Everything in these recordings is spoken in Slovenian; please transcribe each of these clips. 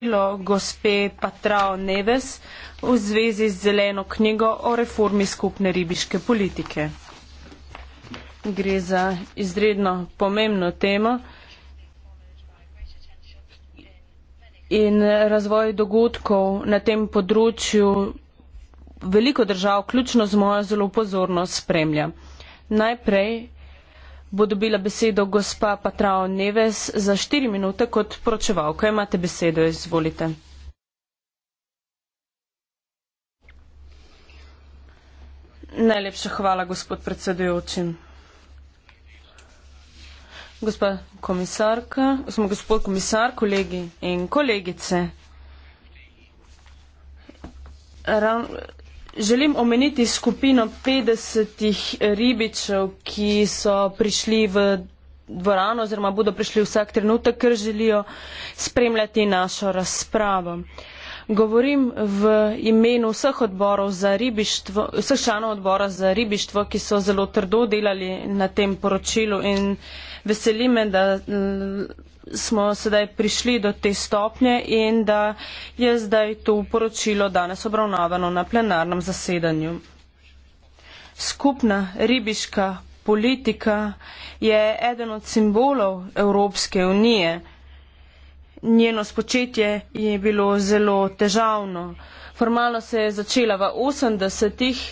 sporočilo gospe Patrao Neves v zvezi z zeleno knjigo o reformi skupne ribiške politike. Gre za izredno pomembno temo in razvoj dogodkov na tem področju veliko držav, ključno z mojo zelo pozorno spremlja. Najprej bo dobila besedo gospa Patrao Neves za 4 minute kot poročevalka. Imate besedo, izvolite. Najlepša hvala, gospod predsedujoči. Gospa komisarka, smo gospod komisar, kolegi in kolegice. Ravno Želim omeniti skupino 50 ribičev, ki so prišli v dvorano oziroma bodo prišli vsak trenutek, ker želijo spremljati našo razpravo. Govorim v imenu vseh, za ribištvo, vseh članov odbora za ribištvo, ki so zelo trdo delali na tem poročilu in veseli me, da smo sedaj prišli do te stopnje in da je zdaj to poročilo danes obravnavano na plenarnem zasedanju. Skupna ribiška politika je eden od simbolov Evropske unije. Njeno spočetje je bilo zelo težavno. Formalno se je začela v 80-ih,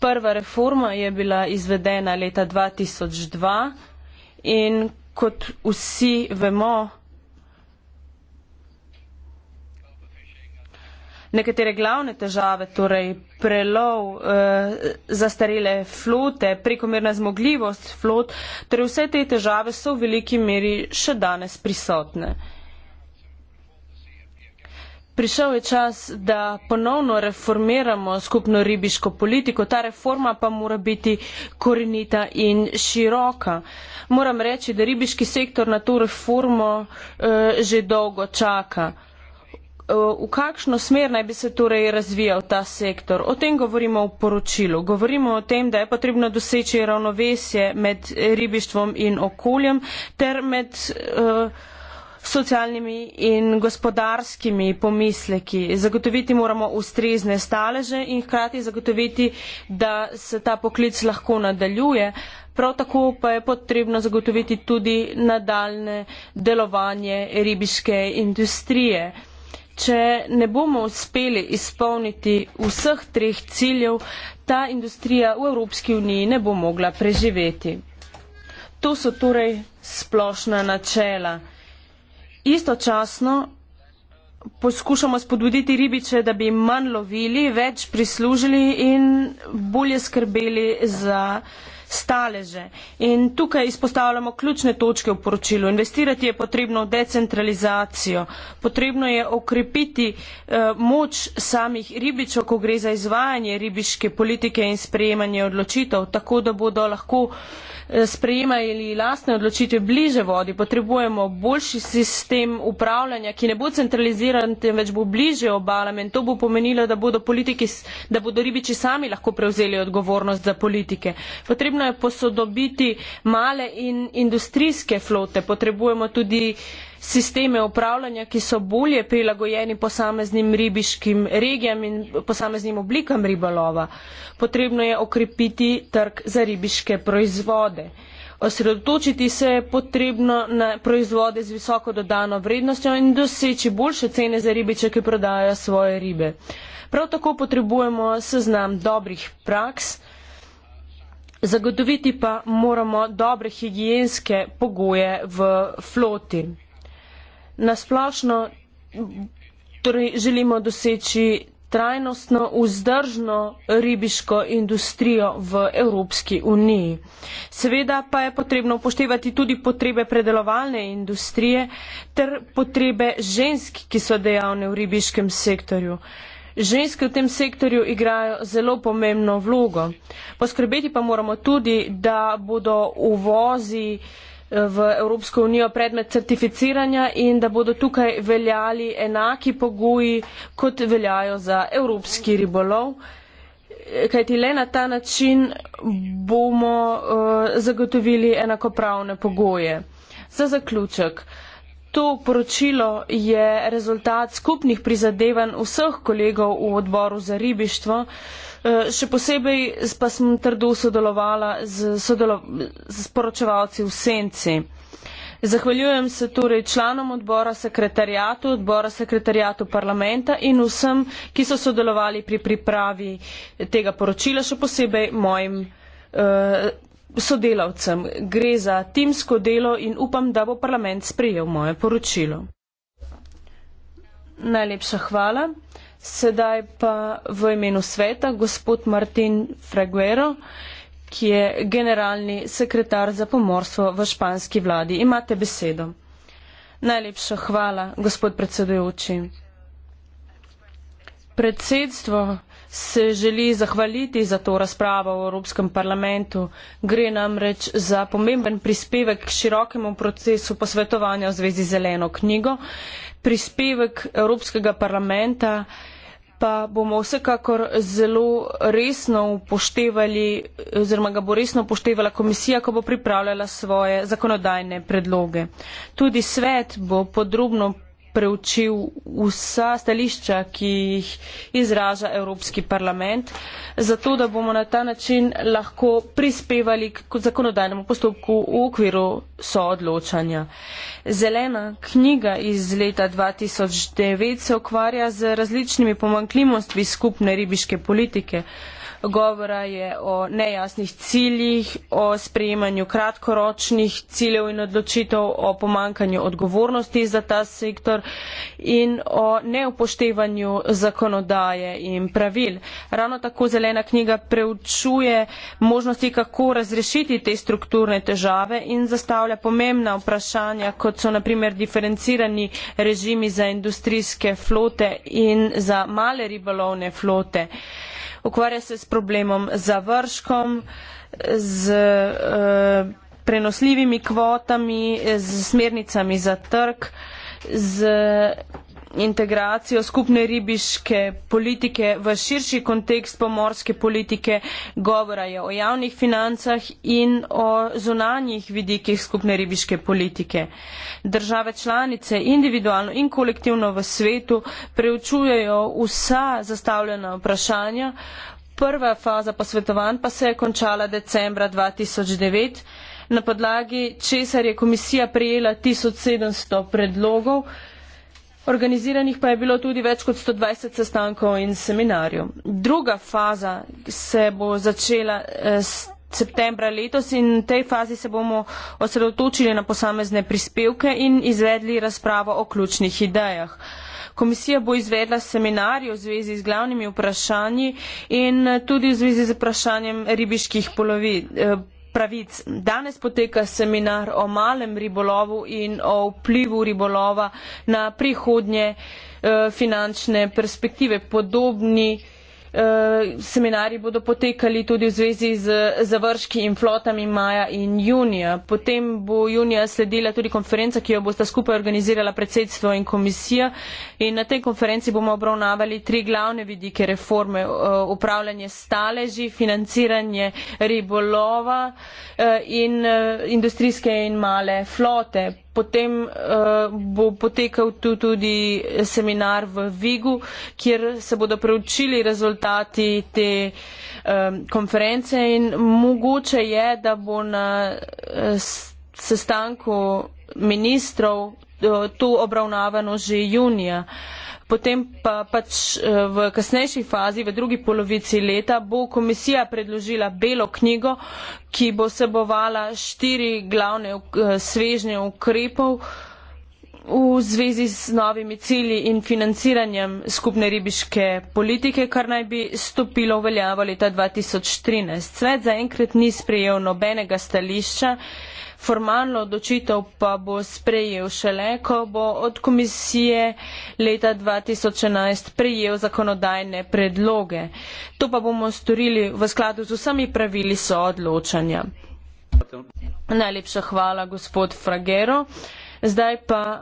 prva reforma je bila izvedena leta 2002 in kot vsi vemo, Nekatere glavne težave, torej prelov, eh, zastarele flote, prekomerna zmogljivost flot, torej vse te težave so v veliki meri še danes prisotne. Prišel je čas, da ponovno reformiramo skupno ribiško politiko. Ta reforma pa mora biti korenita in široka. Moram reči, da ribiški sektor na to reformo eh, že dolgo čaka. Eh, v kakšno smer naj bi se torej razvijal ta sektor? O tem govorimo v poročilu. Govorimo o tem, da je potrebno doseči ravnovesje med ribištvom in okoljem ter med. Eh, socialnimi in gospodarskimi pomisleki. Zagotoviti moramo ustrezne staleže in hkrati zagotoviti, da se ta poklic lahko nadaljuje. Prav tako pa je potrebno zagotoviti tudi nadaljne delovanje ribiške industrije. Če ne bomo uspeli izpolniti vseh treh ciljev, ta industrija v Evropski uniji ne bo mogla preživeti. To so torej splošna načela istočasno poskušamo spodbuditi ribiče, da bi manj lovili, več prislužili in bolje skrbeli za ribiče staleže. In tukaj izpostavljamo ključne točke v poročilu. Investirati je potrebno v decentralizacijo, potrebno je okrepiti eh, moč samih ribičev, ko gre za izvajanje ribiške politike in sprejemanje odločitev, tako da bodo lahko eh, sprejemali lastne odločitve bliže vodi. Potrebujemo boljši sistem upravljanja, ki ne bo centraliziran, temveč bo bliže obalam in to bo pomenilo, da bodo, politiki, da bodo ribiči sami lahko prevzeli odgovornost za politike. Potrebno potrebno je posodobiti male in industrijske flote, potrebujemo tudi sisteme upravljanja, ki so bolje prilagojeni posameznim ribiškim regijam in posameznim oblikam ribolova. Potrebno je okrepiti trg za ribiške proizvode. Osredotočiti se je potrebno na proizvode z visoko dodano vrednostjo in doseči boljše cene za ribiče, ki prodajajo svoje ribe. Prav tako potrebujemo seznam dobrih praks, zagotoviti pa moramo dobre higijenske pogoje v floti. Nasplošno torej želimo doseči trajnostno vzdržno ribiško industrijo v Evropski uniji. Seveda pa je potrebno upoštevati tudi potrebe predelovalne industrije ter potrebe žensk, ki so dejavne v ribiškem sektorju. Ženske v tem sektorju igrajo zelo pomembno vlogo. Poskrbeti pa moramo tudi, da bodo uvozi eh, v Evropsko unijo predmet certificiranja in da bodo tukaj veljali enaki pogoji, kot veljajo za evropski ribolov. Eh, kajti le na ta način bomo uh, zagotovili enakopravne pogoje. Za zaključek. Uh, To poročilo je rezultat skupnih prizadevanj vseh kolegov v odboru za ribištvo. Eh, še posebej pa sem trdo sodelovala z, sodelo, z poročevalci v Senci. Zahvaljujem se torej članom odbora, sekretarijatu, odbora sekretarijatu parlamenta in vsem, ki so sodelovali pri pripravi tega poročila, še posebej mojim eh, sodelavcem. Gre za timsko delo in upam, da bo parlament sprejel moje poročilo. Najlepša hvala. Sedaj pa v imenu sveta gospod Martin Freguero, ki je generalni sekretar za pomorstvo v španski vladi. Imate besedo. Najlepša hvala, gospod predsedujoči. Predsedstvo se želi zahvaliti za to razpravo v Evropskem parlamentu. Gre namreč za pomemben prispevek k širokemu procesu posvetovanja v zvezi z zeleno knjigo. Prispevek Evropskega parlamenta pa bomo vsekakor zelo resno upoštevali oziroma ga bo resno upoštevala komisija, ko bo pripravljala svoje zakonodajne predloge. Tudi svet bo podrobno preučil vsa stališča, ki jih izraža Evropski parlament, zato da bomo na ta način lahko prispevali k zakonodajnemu postopku v okviru soodločanja. Zelena knjiga iz leta 2009 se ukvarja z različnimi pomankljivostmi skupne ribiške politike govora je o nejasnih ciljih, o sprejemanju kratkoročnih ciljev in odločitev, o pomankanju odgovornosti za ta sektor in o neupoštevanju zakonodaje in pravil. Ravno tako zelena knjiga preučuje možnosti, kako razrešiti te strukturne težave in zastavlja pomembna vprašanja, kot so naprimer diferencirani režimi za industrijske flote in za male ribolovne flote ukvarja se s problemom završkom, z eh, prenosljivimi kvotami, z smernicami za trg, z integracijo skupne ribiške politike v širši kontekst pomorske politike, govora je o javnih financah in o zunanjih vidikih skupne ribiške politike. Države članice individualno in kolektivno v svetu preučujejo vsa zastavljena vprašanja, prva faza posvetovanj pa se je končala decembra 2009 na podlagi česar je komisija prijela 1700 predlogov, Organiziranih pa je bilo tudi več kot 120 sestankov in seminarjev. Druga faza se bo začela eh, s septembra letos in v tej fazi se bomo osredotočili na posamezne prispevke in izvedli razpravo o ključnih idejah. Komisija bo izvedla seminarje v zvezi z glavnimi vprašanji in tudi v zvezi z vprašanjem ribiških polovi, eh, pravic. Danes poteka seminar o malem ribolovu in o vplivu ribolova na prihodnje eh, finančne perspektive. Podobni Eh, seminari bodo potekali tudi v zvezi z završki in flotami maja in junija. Potem bo junija sledila tudi konferenca, ki jo boste skupaj organizirala predsedstvo in komisija. In na tej konferenci bomo obravnavali tri glavne vidike reforme. Eh, upravljanje staleži, financiranje ribolova eh, in industrijske in male flote. Potem uh, bo potekal tu tudi seminar v Vigu, kjer se bodo preučili rezultati te um, konference in mogoče je, da bo na uh, sestanku ministrov uh, tu obravnavano že junija. Uh, potem pa pač eh, v kasnejši fazi, v drugi polovici leta, bo komisija predložila belo knjigo, ki bo sebovala štiri glavne eh, svežnje ukrepov v zvezi s novimi cilji in financiranjem skupne ribiške politike, kar naj bi stopilo v veljavo leta 2013. Svet zaenkrat ni sprejel nobenega stališča formalno odločitev pa bo sprejel šele, ko bo od komisije leta 2011 prejel zakonodajne predloge. To pa bomo storili v skladu z vsemi pravili soodločanja. Najlepša hvala, gospod Fragero. Zdaj pa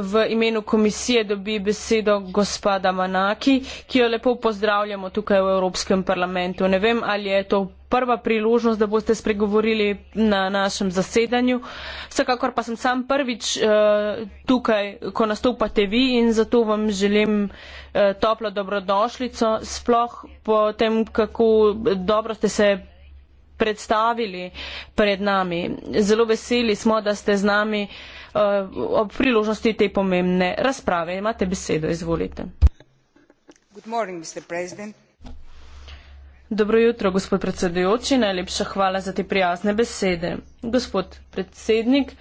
v imenu komisije dobi besedo gospoda Manaki, ki jo lepo pozdravljamo tukaj v Evropskem parlamentu. Ne vem, ali je to prva priložnost, da boste spregovorili na našem zasedanju. Vsekakor pa sem sam prvič uh, tukaj, ko nastopate vi in zato vam želim uh, toplo dobrodošlico, sploh po tem, kako dobro ste se predstavili pred nami. Zelo veseli smo, da ste z nami uh, uh, ob priložnosti te pomembne razprave. Imate besedo, izvolite. Morning, Dobro jutro, gospod predsedujoči. Najlepša hvala za te prijazne besede. Gospod predsednik,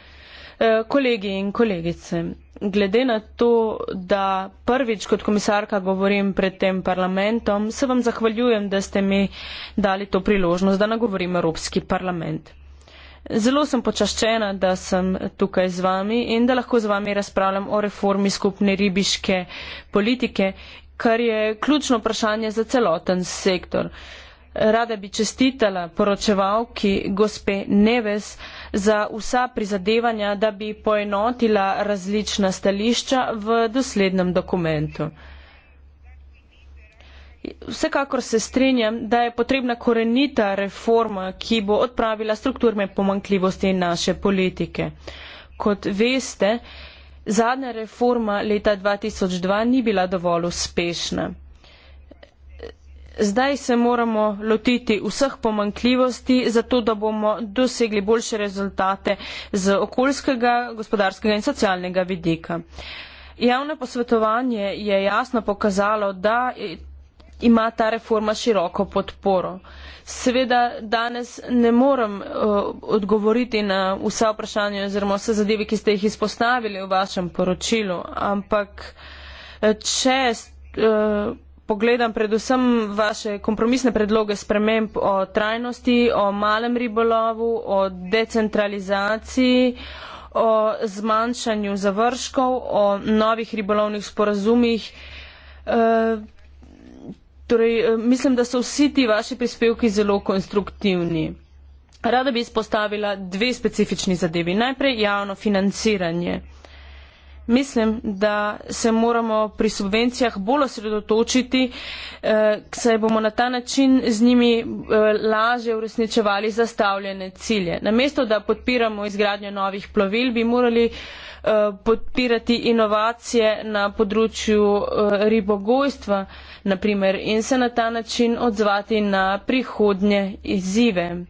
eh, kolegi in kolegice, glede na to, da prvič kot komisarka govorim pred tem parlamentom, se vam zahvaljujem, da ste mi dali to priložnost, da nagovorim Evropski parlament. Zelo sem počaščena, da sem tukaj z vami in da lahko z vami razpravljam o reformi skupne ribiške politike, kar je ključno vprašanje za celoten sektor. Rada bi čestitala poročevalki gospe Neves za vsa prizadevanja, da bi poenotila različna stališča v doslednem dokumentu. Vsekakor se strinjam, da je potrebna korenita reforma, ki bo odpravila strukturne pomankljivosti naše politike. Kot veste, zadnja reforma leta 2002 ni bila dovolj uspešna. Zdaj se moramo lotiti vseh pomankljivosti, zato da bomo dosegli boljše rezultate z okoljskega, gospodarskega in socialnega vidika. Javno posvetovanje je jasno pokazalo, da ima ta reforma široko podporo. Seveda danes ne morem uh, odgovoriti na vsa vprašanja oziroma vse zadeve, ki ste jih izpostavili v vašem poročilu, ampak eh, če uh, pogledam predvsem vaše kompromisne predloge sprememb o trajnosti, o malem ribolovu, o decentralizaciji, o zmanjšanju završkov, o novih ribolovnih sporazumih, uh, Torej, eh, mislim, da so vsi ti vaši prispevki zelo konstruktivni. Rada bi izpostavila dve specifični zadevi. Najprej javno financiranje. Mislim, da se moramo pri subvencijah bolj osredotočiti, eh, saj bomo na ta način z njimi eh, laže uresničevali zastavljene cilje. Namesto, da podpiramo izgradnjo novih plovil, bi morali eh, podpirati inovacije na področju eh, ribogojstva, naprimer, in se na ta način odzvati na prihodnje izzive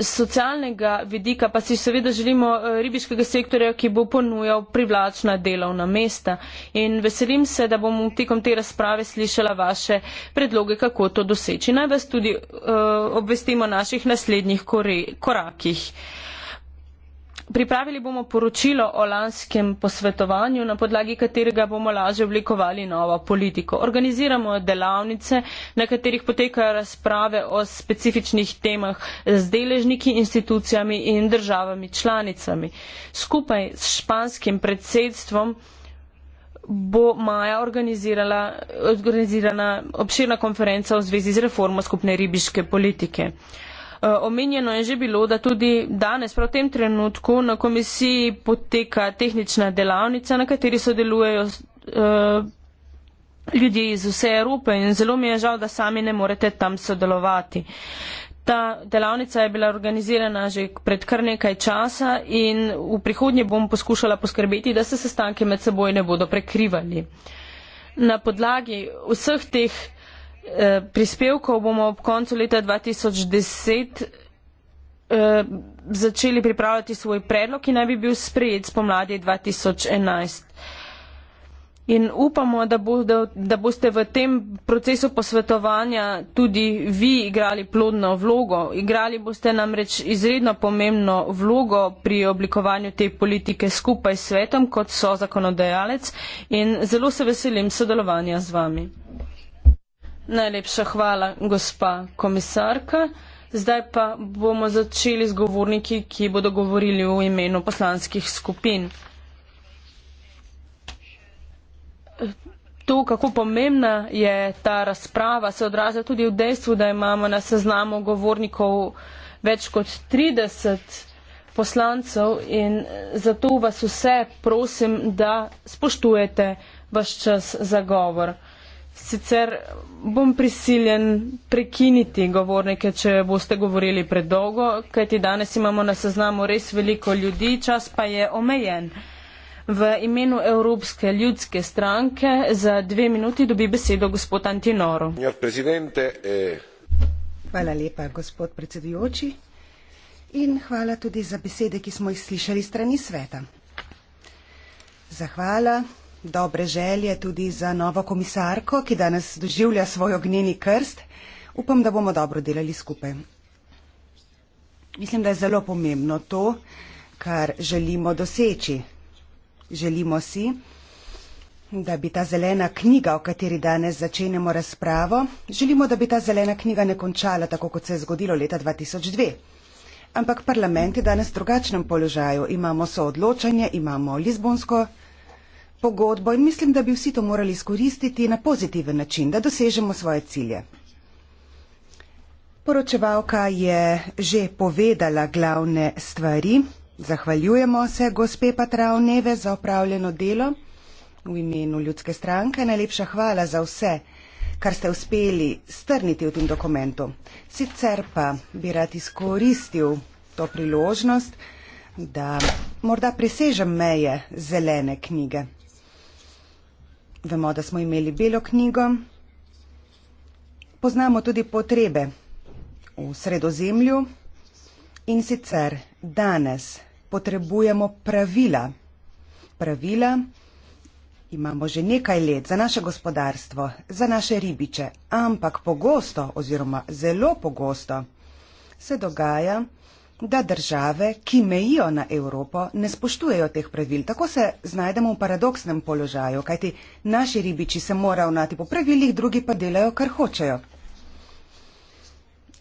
socialnega vidika pa si seveda želimo eh, ribiškega sektorja, ki bo ponujal privlačna delovna mesta. In veselim se, da bom tekom te razprave slišala vaše predloge, kako to doseči. Naj vas tudi uh, obvestimo o naših naslednjih korakih. Uh, Pripravili bomo poročilo o lanskem posvetovanju, na podlagi katerega bomo lažje oblikovali novo politiko. Organiziramo delavnice, na katerih potekajo razprave o specifičnih temah z deležniki, institucijami in državami članicami. Skupaj s španskim predsedstvom bo maja organizirana obširna konferenca v zvezi z reformo skupne ribiške politike. Eh, omenjeno je že bilo, da tudi danes, prav v tem trenutku, na komisiji poteka tehnična delavnica, na kateri sodelujejo eh, ljudje iz vse Evrope in zelo mi je žal, da sami ne morete tam sodelovati. Ta delavnica je bila organizirana že pred kar nekaj časa in v prihodnje bom poskušala poskrbeti, da se sestanke med seboj ne bodo prekrivali. Na podlagi vseh teh Eh, prispevkov bomo ob koncu leta 2010 eh, začeli pripravljati svoj predlog, ki naj bi bil sprejet spomladi 2011. In upamo, da, bo, da, da boste v tem procesu posvetovanja tudi vi igrali plodno vlogo. Igrali boste namreč izredno pomembno vlogo pri oblikovanju te politike skupaj s svetom, kot so zakonodajalec. In zelo se veselim sodelovanja z vami. Najlepša hvala, gospa komisarka. Zdaj pa bomo začeli z govorniki, ki bodo govorili v imenu poslanskih skupin. To, kako pomembna je ta razprava, se odraža tudi v dejstvu, da imamo na seznamu govornikov več kot 30 poslancev in zato vas vse prosim, da spoštujete vaš čas za govor. Sicer bom prisiljen prekiniti govornike, če boste govorili predolgo, kajti danes imamo na seznamu res veliko ljudi, čas pa je omejen. V imenu Evropske ljudske stranke za dve minuti dobi besedo gospod Antinoro. Eh, hvala lepa, gospod predsedujoči. In hvala tudi za besede, ki smo jih slišali strani sveta. Zahvala dobre želje tudi za novo komisarko, ki danes doživlja svoj ognjeni krst. Upam, da bomo dobro delali skupaj. Mislim, da je zelo pomembno to, kar želimo doseči. Želimo si, da bi ta zelena knjiga, o kateri danes začenjamo razpravo, želimo, da bi ta zelena knjiga ne končala tako, kot se je zgodilo leta 2002. Ampak parlament je danes v drugačnem položaju. Imamo soodločanje, imamo Lizbonsko pogodbo in mislim, da bi vsi to morali izkoristiti na pozitiven način, da dosežemo svoje cilje. Poročevalka je že povedala glavne stvari. Zahvaljujemo se gospe Patravneve za opravljeno delo v imenu ljudske stranke. Najlepša hvala za vse, kar ste uspeli strniti v tem dokumentu. Sicer pa bi rad izkoristil to priložnost, da morda presežem meje zelene knjige. Vemo, da smo imeli belo knjigo. Poznamo tudi potrebe v sredozemlju in sicer danes potrebujemo pravila. Pravila imamo že nekaj let za naše gospodarstvo, za naše ribiče, ampak pogosto oziroma zelo pogosto se dogaja, da države, ki mejijo na Evropo, ne spoštujejo teh pravil. Tako se znajdemo v paradoksnem položaju, kajti naši ribiči se morajo vnati po pravilih, drugi pa delajo, kar hočejo.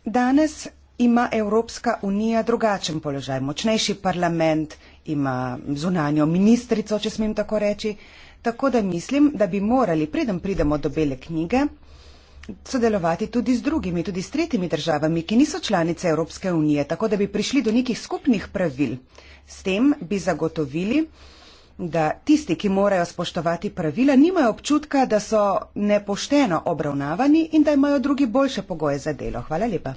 Danes ima Evropska unija drugačen položaj. Močnejši parlament ima zunanjo ministrico, če smem tako reči. Tako da mislim, da bi morali, preden pridemo do bele knjige, sodelovati tudi z drugimi, tudi s tretjimi državami, ki niso članice Evropske unije, tako da bi prišli do nekih skupnih pravil. S tem bi zagotovili, da tisti, ki morajo spoštovati pravila, nimajo občutka, da so nepošteno obravnavani in da imajo drugi boljše pogoje za delo. Hvala lepa.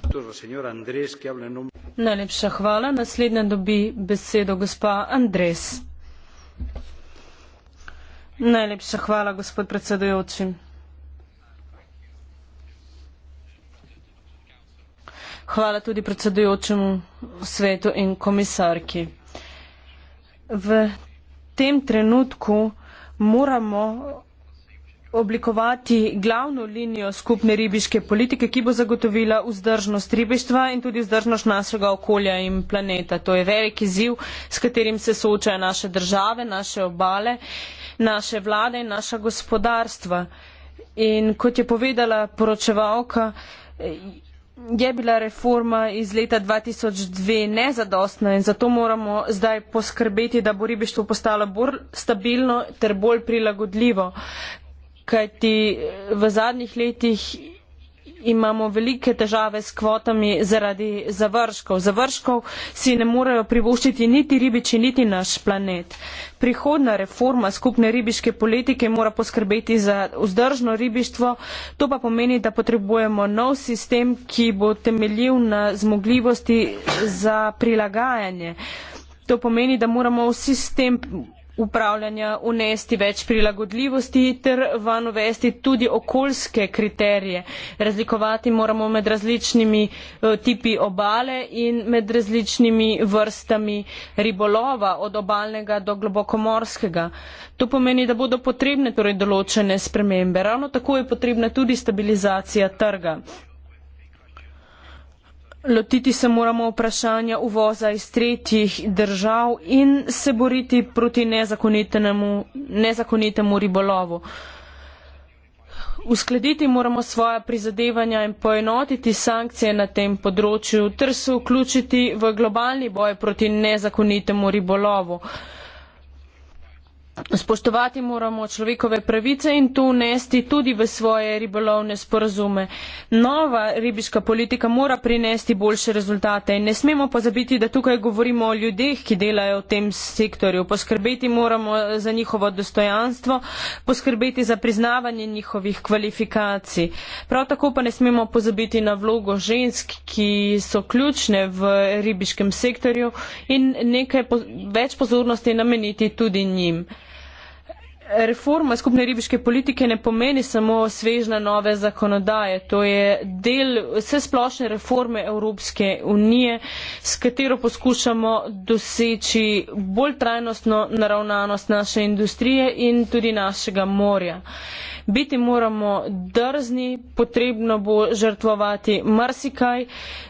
Najlepša hvala. Naslednja dobi besedo gospa Andres. Najlepša hvala, gospod predsedujoči. Hvala tudi predsedujočemu svetu in komisarki. V tem trenutku moramo oblikovati glavno linijo skupne ribiške politike, ki bo zagotovila vzdržnost ribištva in tudi vzdržnost našega okolja in planeta. To je velik izziv, s katerim se soočajo naše države, naše obale, naše vlade in naša gospodarstva. In kot je povedala poročevalka, je bila reforma iz leta 2002 nezadostna in zato moramo zdaj poskrbeti, da bo ribištvo postalo bolj stabilno ter bolj prilagodljivo. Kajti v zadnjih letih imamo velike težave s kvotami zaradi završkov. Završkov si ne morejo privoščiti niti ribiči, niti naš planet. Prihodna reforma skupne ribiške politike mora poskrbeti za vzdržno ribištvo. To pa pomeni, da potrebujemo nov sistem, ki bo temeljil na zmogljivosti za prilagajanje. To pomeni, da moramo v sistem upravljanja unesti več prilagodljivosti ter van uvesti tudi okoljske kriterije. Razlikovati moramo med različnimi eh, tipi obale in med različnimi vrstami ribolova, od obalnega do globokomorskega. To pomeni, da bodo potrebne torej določene spremembe. Ravno tako je potrebna tudi stabilizacija trga. Lotiti se moramo vprašanja uvoza iz tretjih držav in se boriti proti nezakonitemu, nezakonitemu ribolovu. Uskladiti moramo svoje prizadevanja in poenotiti sankcije na tem področju ter se vključiti v globalni boj proti nezakonitemu ribolovu. Spoštovati moramo človekove pravice in to unesti tudi v svoje ribolovne sporazume. Nova ribiška politika mora prinesti boljše rezultate in ne smemo pozabiti, da tukaj govorimo o ljudeh, ki delajo v tem sektorju. Poskrbeti moramo za njihovo dostojanstvo, poskrbeti za priznavanje njihovih kvalifikacij. Prav tako pa ne smemo pozabiti na vlogo žensk, ki so ključne v ribiškem sektorju in nekaj po več pozornosti nameniti tudi njim. Reforma skupne ribiške politike ne pomeni samo svežna nove zakonodaje, to je del vse splošne reforme Evropske unije, s katero poskušamo doseči bolj trajnostno naravnanost naše industrije in tudi našega morja. Biti moramo drzni, potrebno bo žrtvovati marsikaj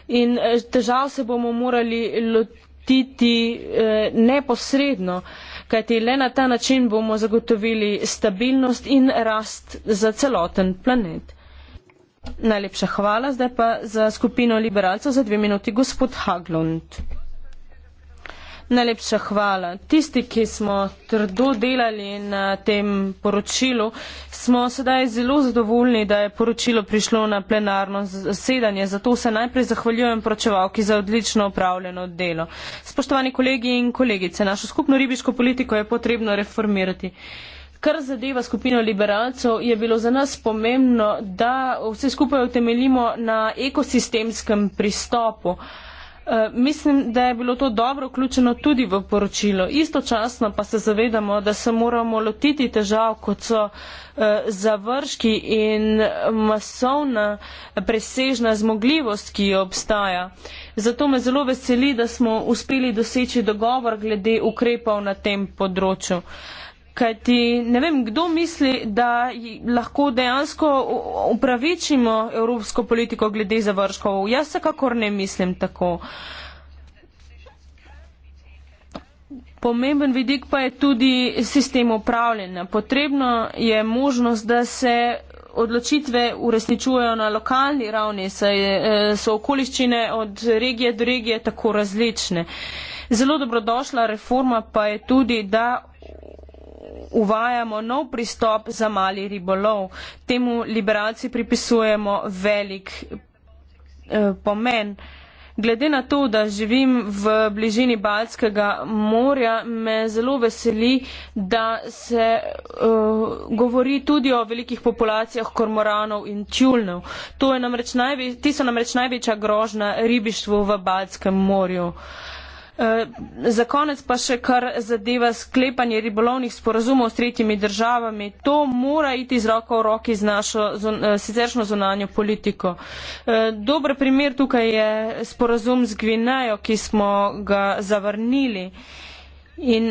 in eh, težav se bomo morali lotiti eh, neposredno. Eh, kajti le na ta način bomo zagotovili stabilnost in rast za celoten planet. Najlepša hvala zdaj pa za skupino liberalcev za dve minuti, gospod Haglund. Najlepša hvala. Tisti, ki smo trdo delali na tem poročilu, smo sedaj zelo zadovoljni, da je poročilo prišlo na plenarno zasedanje. Zato se najprej zahvaljujem pročevalki za odlično opravljeno delo. Spoštovani kolegi in kolegice, našo skupno ribiško politiko je potrebno reformirati. Kar zadeva skupino liberalcev, je bilo za nas pomembno, da vse skupaj utemeljimo na ekosistemskem pristopu. Uh, Eh, mislim, da je bilo to dobro vključeno tudi v poročilo. Istočasno pa se zavedamo, da se moramo lotiti težav, kot so eh, završki in masovna presežna zmogljivost, ki obstaja. Zato me zelo veseli, da smo uspeli doseči dogovor glede ukrepov na tem področju. Uh, Kajti ne vem, kdo misli, da lahko dejansko upravičimo evropsko politiko glede završkov. Jaz se kakor ne mislim tako. Pomemben vidik pa je tudi sistem upravljanja. Potrebno je možnost, da se odločitve uresničujejo na lokalni ravni, saj eh, so okoliščine od regije do regije tako različne. Zelo dobrodošla reforma pa je tudi, da uvajamo nov pristop za mali ribolov. Temu liberalci pripisujemo velik eh, pomen. Glede na to, da živim v bližini Balskega morja, me zelo veseli, da se uh, govori tudi o velikih populacijah kormoranov in čulnev. To je namreč največ, ti so namreč največja grožna ribištvu v Balskem morju. Uh, Eh, za konec pa še kar zadeva sklepanje ribolovnih sporazumov s tretjimi državami. To mora iti z roko v roki z našo eh, siceršno zunanjo politiko. Eh, dober primer tukaj je sporazum z Gvinejo, ki smo ga zavrnili. In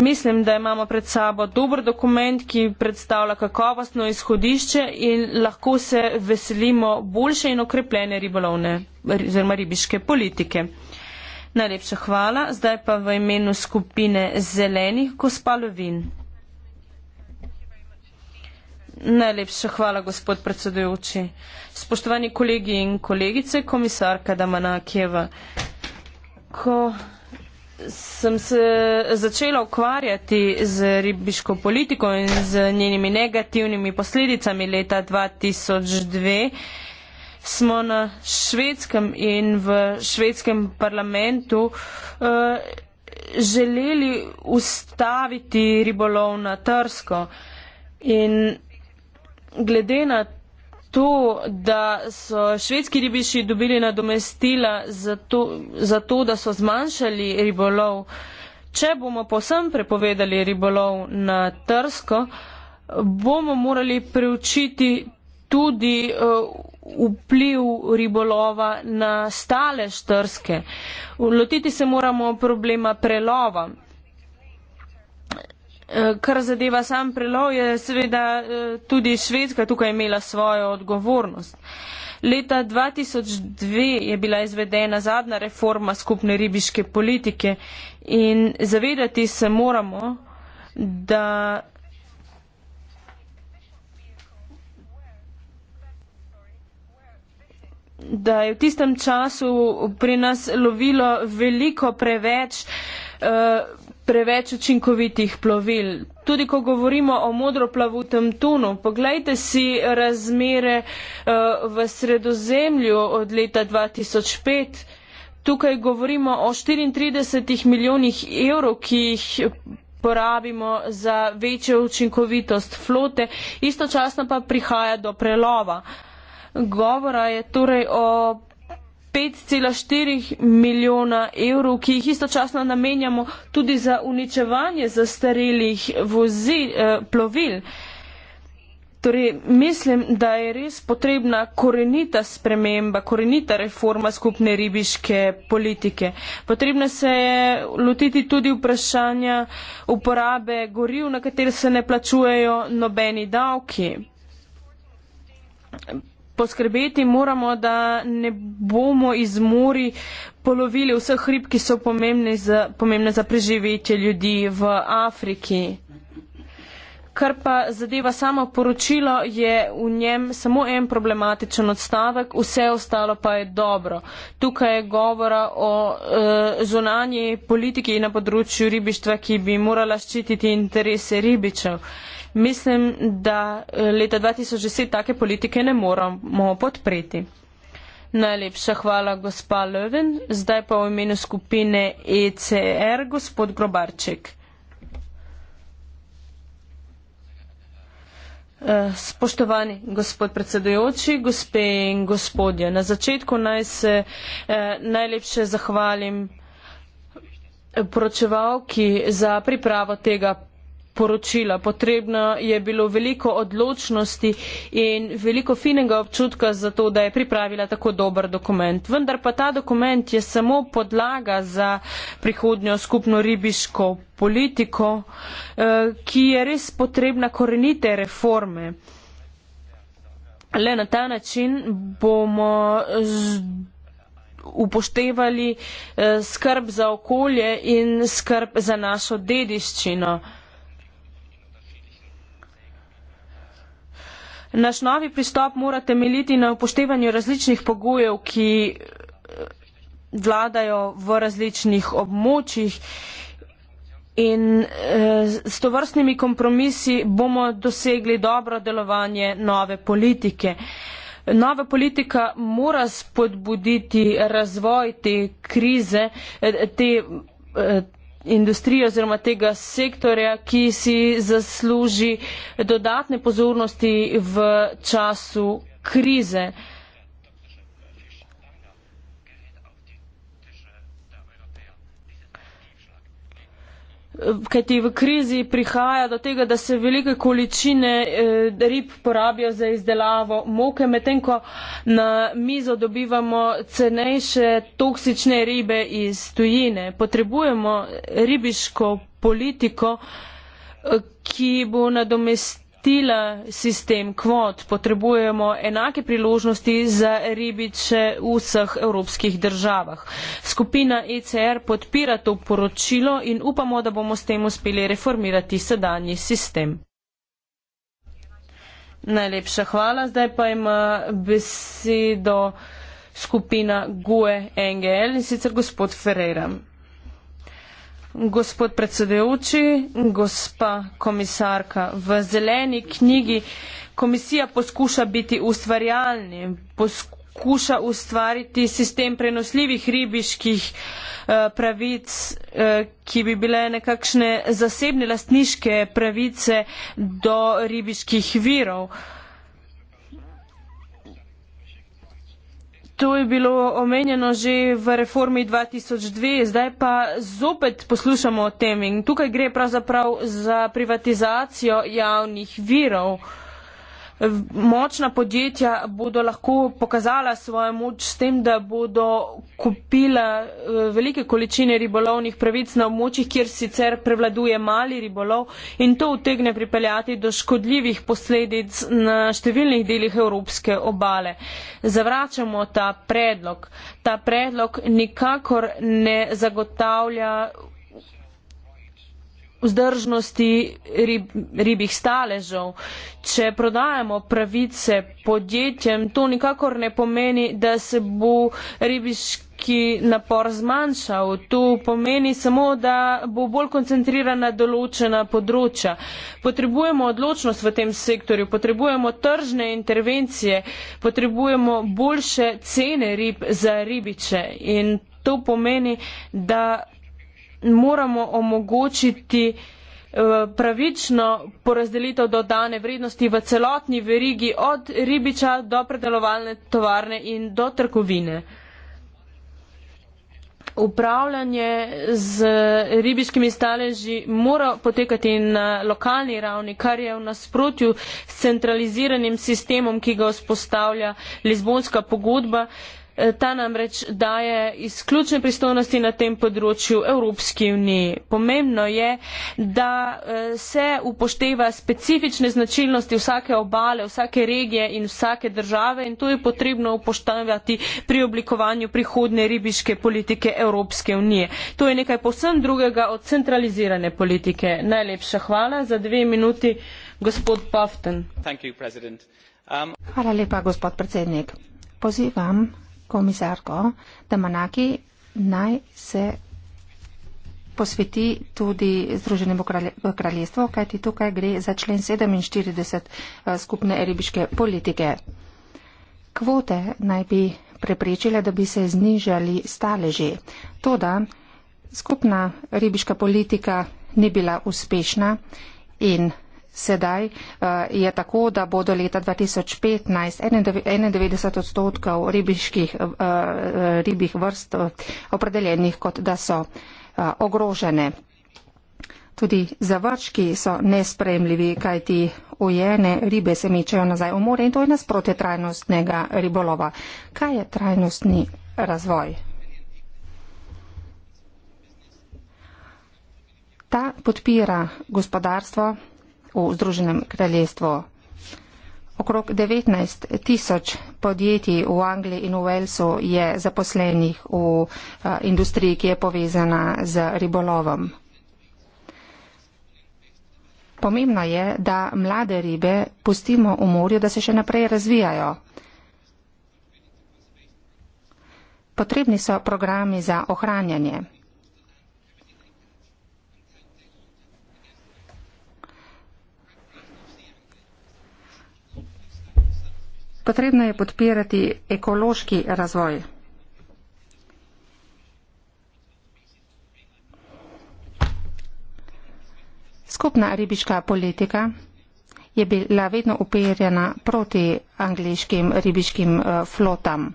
mislim, da imamo pred sabo dober dokument, ki predstavlja kakovostno izhodišče in lahko se veselimo boljše in okrepljene ribolovne oziroma ribiške politike. Najlepša hvala. Zdaj pa v imenu skupine zelenih gospa Lovin. Najlepša hvala, gospod predsedujoči. Spoštovani kolegi in kolegice, komisarka Damanakjeva. Ko sem se začela ukvarjati z ribiško politiko in z njenimi negativnimi posledicami leta 2002, smo na švedskem in v švedskem parlamentu eh, želeli ustaviti ribolov na Trsko. In glede na to, da so švedski ribiši dobili nadomestila za to, za to, da so zmanjšali ribolov, če bomo posem prepovedali ribolov na Trsko, bomo morali preučiti tudi uh, vpliv ribolova na stale štrske. Lotiti se moramo problema prelova. E, kar zadeva sam prelov, je seveda e, tudi Švedska tukaj imela svojo odgovornost. Leta 2002 je bila izvedena zadnja reforma skupne ribiške politike in zavedati se moramo, da da je v tistem času pri nas lovilo veliko preveč, uh, preveč učinkovitih plovil. Tudi, ko govorimo o modroplavutem tunu, poglejte si razmere uh, v sredozemlju od leta 2005. Tukaj govorimo o 34 milijonih evrov, ki jih porabimo za večjo učinkovitost flote, istočasno pa prihaja do prelova. Uh, govora je torej o 5,4 milijona evrov, ki jih istočasno namenjamo tudi za uničevanje zastarelih vozil, eh, plovil. Torej, mislim, da je res potrebna korenita sprememba, korenita reforma skupne ribiške politike. Potrebno se je lotiti tudi vprašanja uporabe goriv, na katere se ne plačujejo nobeni davki poskrbeti moramo, da ne bomo iz mori polovili vseh hrib, ki so pomembne za, pomembne za preživetje ljudi v Afriki. Kar pa zadeva samo poročilo, je v njem samo en problematičen odstavek, vse ostalo pa je dobro. Tukaj je govora o e, zunanji politiki na področju ribištva, ki bi morala ščititi interese ribičev. E, mislim, da eh, leta 2010 take politike ne moramo podpreti. Najlepša hvala, gospa Löwen. Zdaj pa v imenu skupine ECR, gospod Grobarček. Eh, spoštovani gospod predsedujoči, gospe in gospodje, na začetku naj se eh, najlepše zahvalim poročevalki za pripravo tega poročila. Potrebno je bilo veliko odločnosti in veliko finega občutka za to, da je pripravila tako dober dokument. Vendar pa ta dokument je samo podlaga za prihodnjo skupno ribiško politiko, eh, ki je res potrebna korenite reforme. Le na ta način bomo upoštevali eh, skrb za okolje in skrb za našo dediščino. Naš novi pristop mora temeljiti na upoštevanju različnih pogojev, ki eh, vladajo v različnih območjih. In eh, s tovrstnimi kompromisi bomo dosegli dobro delovanje nove politike. Nova politika mora spodbuditi razvoj te krize, eh, te. Eh, industrije oziroma tega sektorja, ki si zasluži dodatne pozornosti v času krize. Kaj ti v krizi prihaja do tega, da se velike količine eh, rib porabijo za izdelavo moke, medtem ko na mizo dobivamo cenejše toksične ribe iz tujine. Potrebujemo ribiško politiko, eh, ki bo nadomestila sprostila sistem kvot, potrebujemo enake priložnosti za ribiče v vseh evropskih državah. Skupina ECR podpira to poročilo in upamo, da bomo s tem uspeli reformirati sedanji sistem. Najlepša hvala. Zdaj pa ima besedo skupina GUE NGL in sicer gospod Ferreira gospod predsedujoči, gospa komisarka. V zeleni knjigi komisija poskuša biti ustvarjalni, poskuša ustvariti sistem prenosljivih ribiških eh, pravic, eh, ki bi bile nekakšne zasebne lastniške pravice do ribiških virov. To je bilo omenjeno že v reformi 2002, zdaj pa zopet poslušamo o tem in tukaj gre pravzaprav za privatizacijo javnih virov. Močna podjetja bodo lahko pokazala svojo moč s tem, da bodo kupila eh, velike količine ribolovnih pravic na območjih, kjer sicer prevladuje mali ribolov in to utegne pripeljati do škodljivih posledic na številnih delih Evropske obale. Zavračamo ta predlog. Ta predlog nikakor ne zagotavlja vzdržnosti rib, ribih staležev. Če prodajamo pravice podjetjem, to nikakor ne pomeni, da se bo ribiški napor zmanjšal. To pomeni samo, da bo bolj koncentrirana določena področja. Potrebujemo odločnost v tem sektorju, potrebujemo tržne intervencije, potrebujemo boljše cene rib za ribiče in to pomeni, da moramo omogočiti eh, pravično porazdelitev dodane vrednosti v celotni verigi od ribiča do predelovalne tovarne in do trgovine. Upravljanje z ribiškimi staleži mora potekati na lokalni ravni, kar je v nasprotju s centraliziranim sistemom, ki ga vzpostavlja Lizbonska pogodba. Ta namreč daje izključne pristojnosti na tem področju Evropski uniji. Pomembno je, da eh, se upošteva specifične značilnosti vsake obale, vsake regije in vsake države in to je potrebno upoštevati pri oblikovanju prihodne ribiške politike Evropske unije. To je nekaj posem drugega od centralizirane politike. Najlepša hvala za dve minuti, gospod Paften. Um, hvala lepa, gospod predsednik. Pozivam komisarko Damanaki naj se posveti tudi Združenemu kraljestvu, kajti tukaj gre za člen 47 eh, skupne ribiške politike. Kvote naj bi preprečile, da bi se znižali staleži. Toda skupna ribiška politika ni bila uspešna in sedaj eh, je tako, da bodo leta 2015 91 odstotkov ribiških eh, eh, ribih vrst opredeljenih kot da so ogrožene. Tudi zavrčki so nespremljivi, kajti ujene ribe se mečejo nazaj v more in to je nasprotje trajnostnega ribolova. Kaj je trajnostni razvoj? Ta podpira gospodarstvo, v Združenem kraljestvu. Okrog 19 tisoč podjetij v Angliji in v Walesu je zaposlenih v eh, industriji, ki je povezana z ribolovom. Pomembno je, da mlade ribe pustimo v morju, da se še naprej razvijajo. Potrebni so programi za ohranjanje. Potrebno je podpirati ekološki razvoj. Skupna ribiška politika je bila vedno uperjena proti angliškim ribiškim eh, flotam.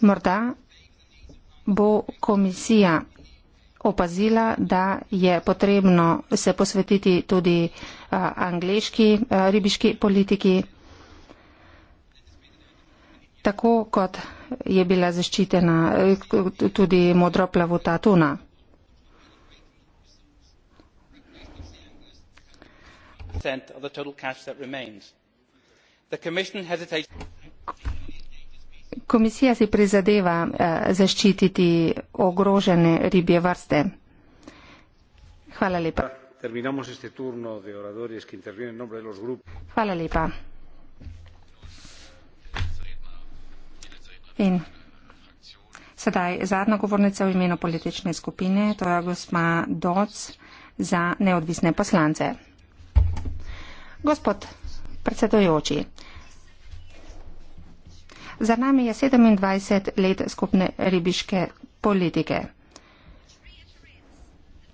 Morda bo komisija opazila, da je potrebno se posvetiti tudi uh, angliški uh, ribiški politiki, tako kot je bila zaščitena e, tudi modroplavuta tuna. Of the total cash that Komisija si prizadeva eh, zaščititi ogrožene ribje vrste. Hvala lepa. Terminamos este turno de oradores que intervienen en nombre de los grupos. Hvala lepa. In sedaj zadnja govornica v imenu politične skupine, to je gospa Doc za neodvisne poslance. Gospod predsedojoči, Za nami je 27 let skupne ribiške politike.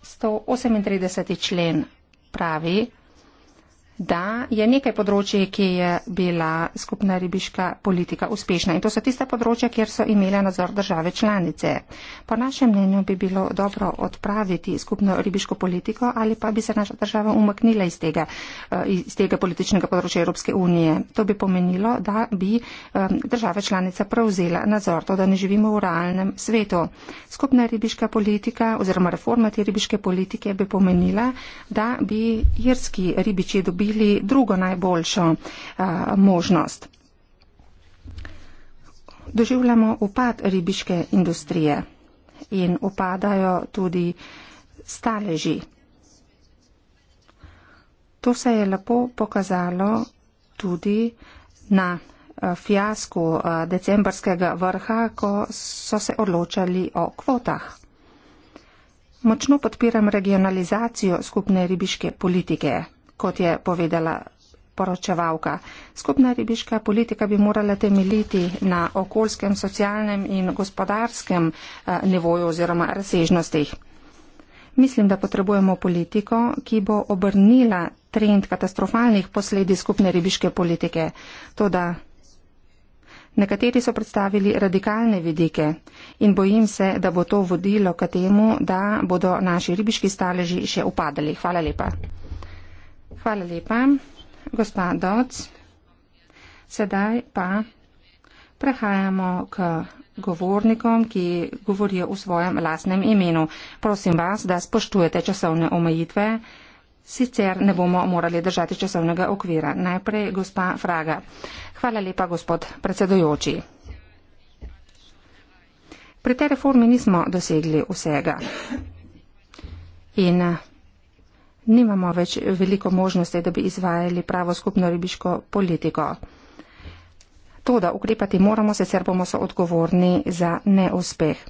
138. člen pravi, da je nekaj področji, ki je bila skupna ribiška politika uspešna. In to so tiste področja, kjer so imele nadzor države članice. Po našem mnenju bi bilo dobro odpraviti skupno ribiško politiko ali pa bi se naša država umaknila iz tega, eh, iz tega političnega področja Evropske unije. To bi pomenilo, da bi eh, država članica prevzela nadzor, to da ne živimo v realnem svetu. Skupna ribiška politika oziroma reforma te ribiške politike bi pomenila, da bi irski ribiči dobili ponudili drugo najboljšo eh, možnost. Doživljamo upad ribiške industrije in upadajo tudi staleži. To se je lepo pokazalo tudi na eh, fiasku eh, decembrskega vrha, ko so se odločali o kvotah. Močno podpiram regionalizacijo skupne ribiške politike kot je povedala poročevalka. Skupna ribiška politika bi morala temeljiti na okoljskem, socialnem in gospodarskem eh, nivoju oziroma razsežnostih. Mislim, da potrebujemo politiko, ki bo obrnila trend katastrofalnih posledi skupne ribiške politike. Toda nekateri so predstavili radikalne vidike in bojim se, da bo to vodilo k temu, da bodo naši ribiški staleži še upadali. Hvala lepa. Hvala lepa, gospa Doc. Sedaj pa prehajamo k govornikom, ki govorijo v svojem lasnem imenu. Prosim vas, da spoštujete časovne omejitve, sicer ne bomo morali držati časovnega okvira. Najprej gospa Fraga. Hvala lepa, gospod predsedojoči. Pri tej reformi nismo dosegli vsega. In nimamo več veliko možnosti, da bi izvajali pravo skupno ribiško politiko. To, da ukrepati moramo, se sicer bomo so odgovorni za neuspeh.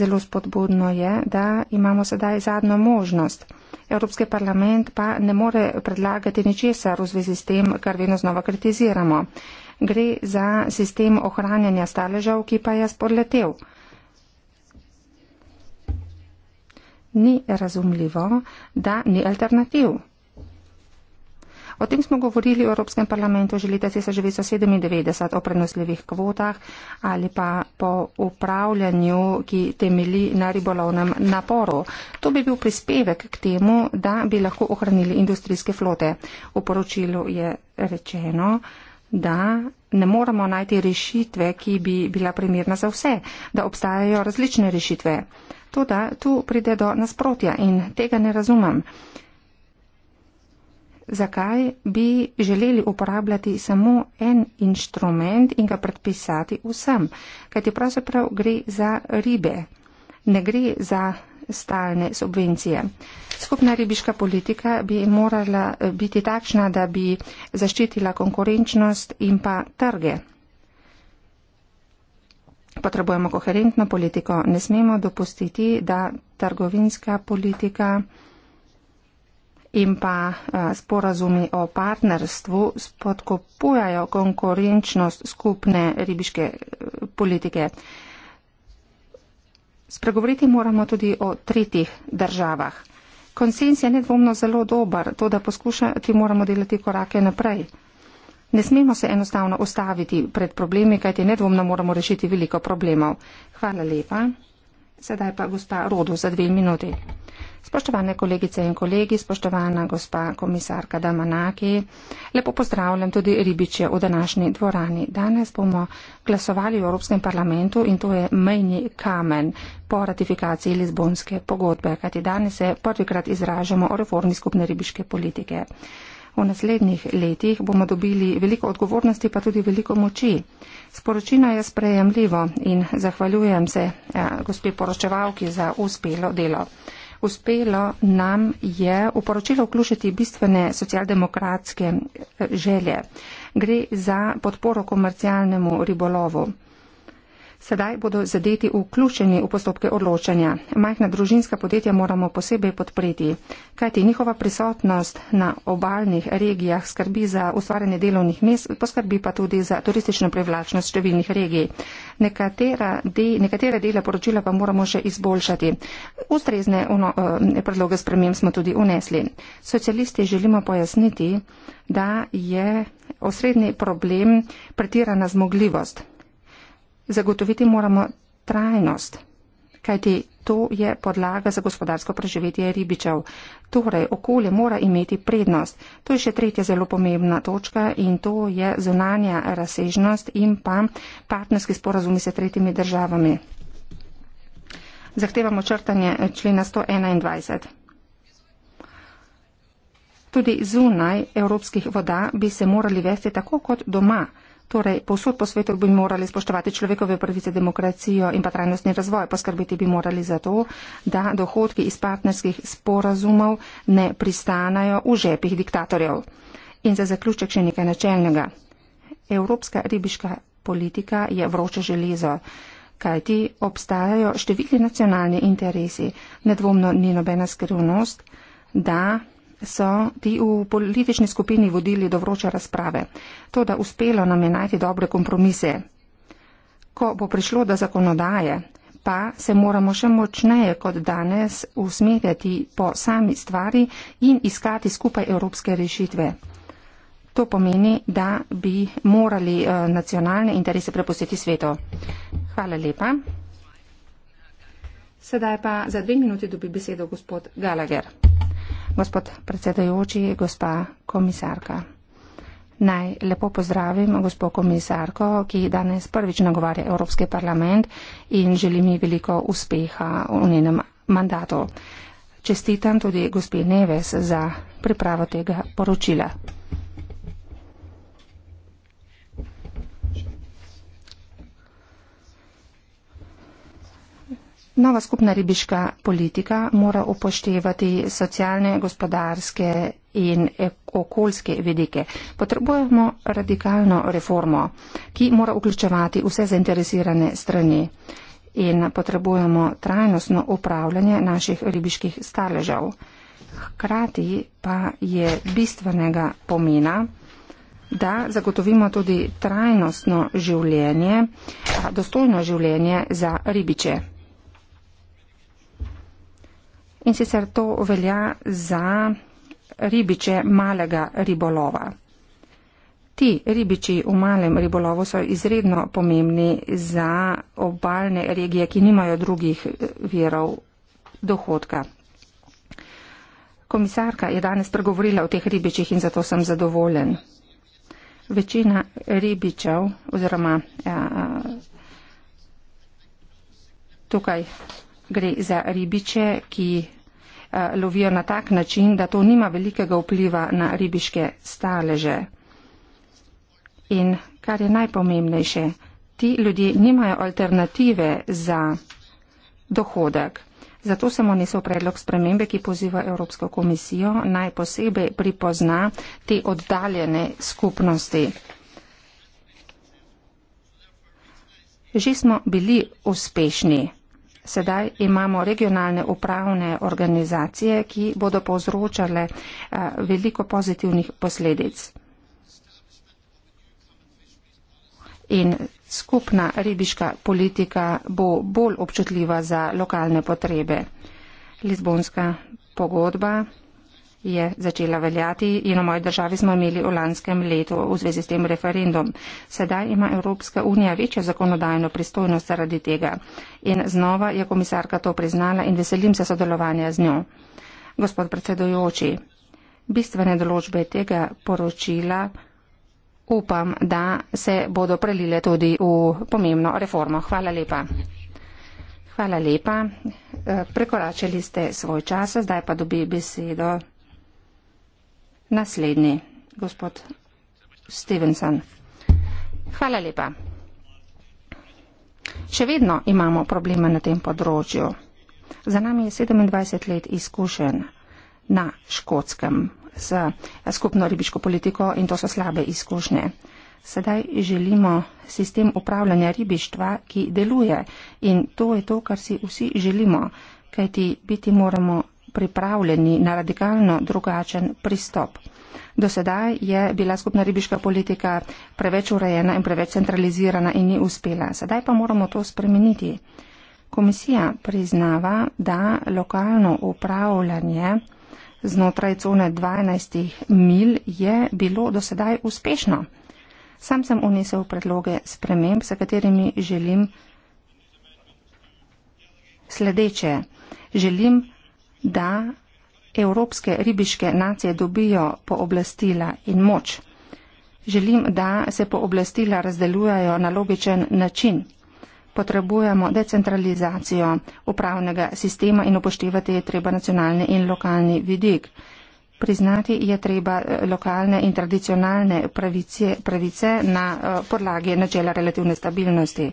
Zelo spodbudno je, da imamo sedaj zadnjo možnost. Evropski parlament pa ne more predlagati ničesar v zvezi s tem, kar vedno znova kritiziramo. Gre za sistem ohranjanja staležev, ki pa je spodletel. ni razumljivo, da ni alternativ. O tem smo govorili v Evropskem parlamentu že leta 1997 o prenosljivih kvotah ali pa po upravljanju, ki temeli na ribolovnem naporu. To bi bil prispevek k temu, da bi lahko ohranili industrijske flote. V poročilu je rečeno, da ne moramo najti rešitve, ki bi bila primerna za vse, da obstajajo različne rešitve. Tudi tu pride do nasprotja in tega ne razumem. Zakaj bi želeli uporabljati samo en inštrument in ga predpisati vsem? Kajti pravzaprav gre za ribe, ne gre za stalne subvencije. Skupna ribiška politika bi morala biti takšna, da bi zaščitila konkurenčnost in pa trge potrebujemo koherentno politiko. Ne smemo dopustiti, da trgovinska politika in pa eh, sporazumi o partnerstvu spodkopujajo konkurenčnost skupne ribiške eh, politike. Spregovoriti moramo tudi o tretjih državah. Konsens je nedvomno zelo dober, to da poskušati moramo delati korake naprej. Ne smemo se enostavno ostaviti pred problemi, kajti nedvomno moramo rešiti veliko problemov. Hvala lepa. Sedaj pa gospa Rodo za dve minuti. Spoštovane kolegice in kolegi, spoštovana gospa komisarka Damanaki, lepo pozdravljam tudi ribiče v današnji dvorani. Danes bomo glasovali v Evropskem parlamentu in to je mejni kamen po ratifikaciji Lizbonske pogodbe, kajti danes se prvikrat izražamo o reformi skupne ribiške politike. V naslednjih letih bomo dobili veliko odgovornosti, pa tudi veliko moči. Sporočino je sprejemljivo in zahvaljujem se eh, gospe poročevalki za uspelo delo. Uspelo nam je v poročilo vključiti bistvene socialdemokratske eh, želje. Gre za podporo komercialnemu ribolovu. Sedaj bodo zadeti vključeni v postopke odločanja. Majhna družinska podjetja moramo posebej podpreti, kajti njihova prisotnost na obaljnih regijah skrbi za ustvarjanje delovnih mest, poskrbi pa tudi za turistično privlačnost številnih regij. Nekatera, de, nekatera dela poročila pa moramo še izboljšati. Ustrezne uno, eh, predloge sprememb smo tudi unesli. Socialisti želimo pojasniti, da je osrednji problem pretirana zmogljivost. Zagotoviti moramo trajnost, kajti to je podlaga za gospodarsko preživetje ribičev. Torej, okolje mora imeti prednost. To je še tretja zelo pomembna točka in to je zunanja razsežnost in pa partnerski sporazumi s tretjimi državami. Zahtevamo črtanje člena 121. Tudi zunaj evropskih voda bi se morali vesti tako kot doma. Torej, posod po svetu bi morali spoštovati človekove pravice, demokracijo in pa trajnostni razvoj. Poskrbeti bi morali za to, da dohodki iz partnerskih sporazumov ne pristanajo v žepih diktatorjev. In za zaključek še nekaj načelnega. Evropska ribiška politika je vroče železo, kajti obstajajo številni nacionalni interesi. Nedvomno ni nobena skrivnost, da so ti v politični skupini vodili do vroče razprave. To, da uspelo nam je najti dobre kompromise. Ko bo prišlo do zakonodaje, pa se moramo še močneje kot danes usmerjati po sami stvari in iskati skupaj evropske rešitve. To pomeni, da bi morali eh, nacionalne interese prepustiti svetu. Hvala lepa. Sedaj pa za dve minuti dobi besedo gospod Gallagher gospod predsedajoči, gospa komisarka. Naj lepo pozdravim gospod komisarko, ki danes prvič nagovarja Evropski parlament in želi mi veliko uspeha v njenem mandatu. Čestitam tudi gospe Neves za pripravo tega poročila. Nova skupna ribiška politika mora upoštevati socialne, gospodarske in okoljske vidike. Potrebujemo radikalno reformo, ki mora vključevati vse zainteresirane strani in potrebujemo trajnostno upravljanje naših ribiških staležev. Hkrati pa je bistvenega pomena, da zagotovimo tudi trajnostno življenje, dostojno življenje za ribiče in sicer to velja za ribiče malega ribolova. Ti ribiči v malem ribolovu so izredno pomembni za obaljne regije, ki nimajo drugih eh, virov dohodka. Komisarka je danes pregovorila o teh ribičih in zato sem zadovoljen. Večina ribičev oziroma a, eh, a, eh, tukaj gre za ribiče, ki eh, lovijo na tak način, da to nima velikega vpliva na ribiške staleže. In kar je najpomembnejše, ti ljudje nimajo alternative za dohodek. Zato sem onesel predlog spremembe, ki poziva Evropsko komisijo naj posebej pripozna te oddaljene skupnosti. Že smo bili uspešni. Sedaj imamo regionalne upravne organizacije, ki bodo povzročale eh, veliko pozitivnih posledic. In skupna ribiška politika bo bolj občutljiva za lokalne potrebe. Lizbonska pogodba je začela veljati in v moji državi smo imeli v lanskem letu v zvezi s tem referendum. Sedaj ima Evropska unija večjo zakonodajno pristojnost zaradi tega in znova je komisarka to priznala in veselim se sodelovanja z njo. Gospod predsedujoči, bistvene določbe tega poročila upam, da se bodo prelile tudi v pomembno reformo. Hvala lepa. Hvala lepa. Eh, prekoračili ste svoj čas, zdaj pa dobi besedo Naslednji, gospod Stevenson. Hvala lepa. Še vedno imamo probleme na tem področju. Za nami je 27 let izkušen na škotskem s skupno ribiško politiko in to so slabe izkušnje. Sedaj želimo sistem upravljanja ribištva, ki deluje in to je to, kar si vsi želimo, kajti biti moramo pripravljeni na radikalno drugačen pristop. Do sedaj je bila skupna ribiška politika preveč urejena in preveč centralizirana in ni uspela. Sedaj pa moramo to spremeniti. Komisija priznava, da lokalno upravljanje znotraj cone 12 mil je bilo do sedaj uspešno. Sam sem unesel predloge sprememb, sa katerimi želim sledeče. Želim da evropske ribiške nacije dobijo pooblastila in moč. Želim, da se pooblastila razdeljujejo na logičen način. Potrebujemo decentralizacijo upravnega sistema in upoštevati je treba nacionalni in lokalni vidik. Priznati je treba eh, lokalne in tradicionalne pravice, pravice na eh, podlagi načela relativne stabilnosti.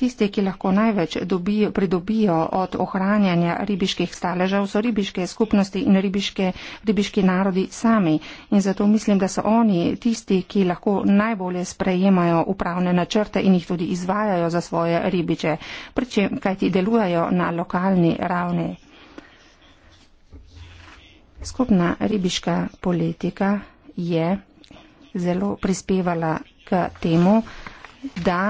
Tiste, ki lahko največ dobijo, pridobijo od ohranjanja ribiških staležev, so ribiške skupnosti in ribiške, ribiški narodi sami. In zato mislim, da so oni tisti, ki lahko najbolje sprejemajo upravne načrte in jih tudi izvajajo za svoje ribiče, pričem, kajti delujejo na lokalni ravni. Skupna ribiška politika je zelo prispevala k temu, da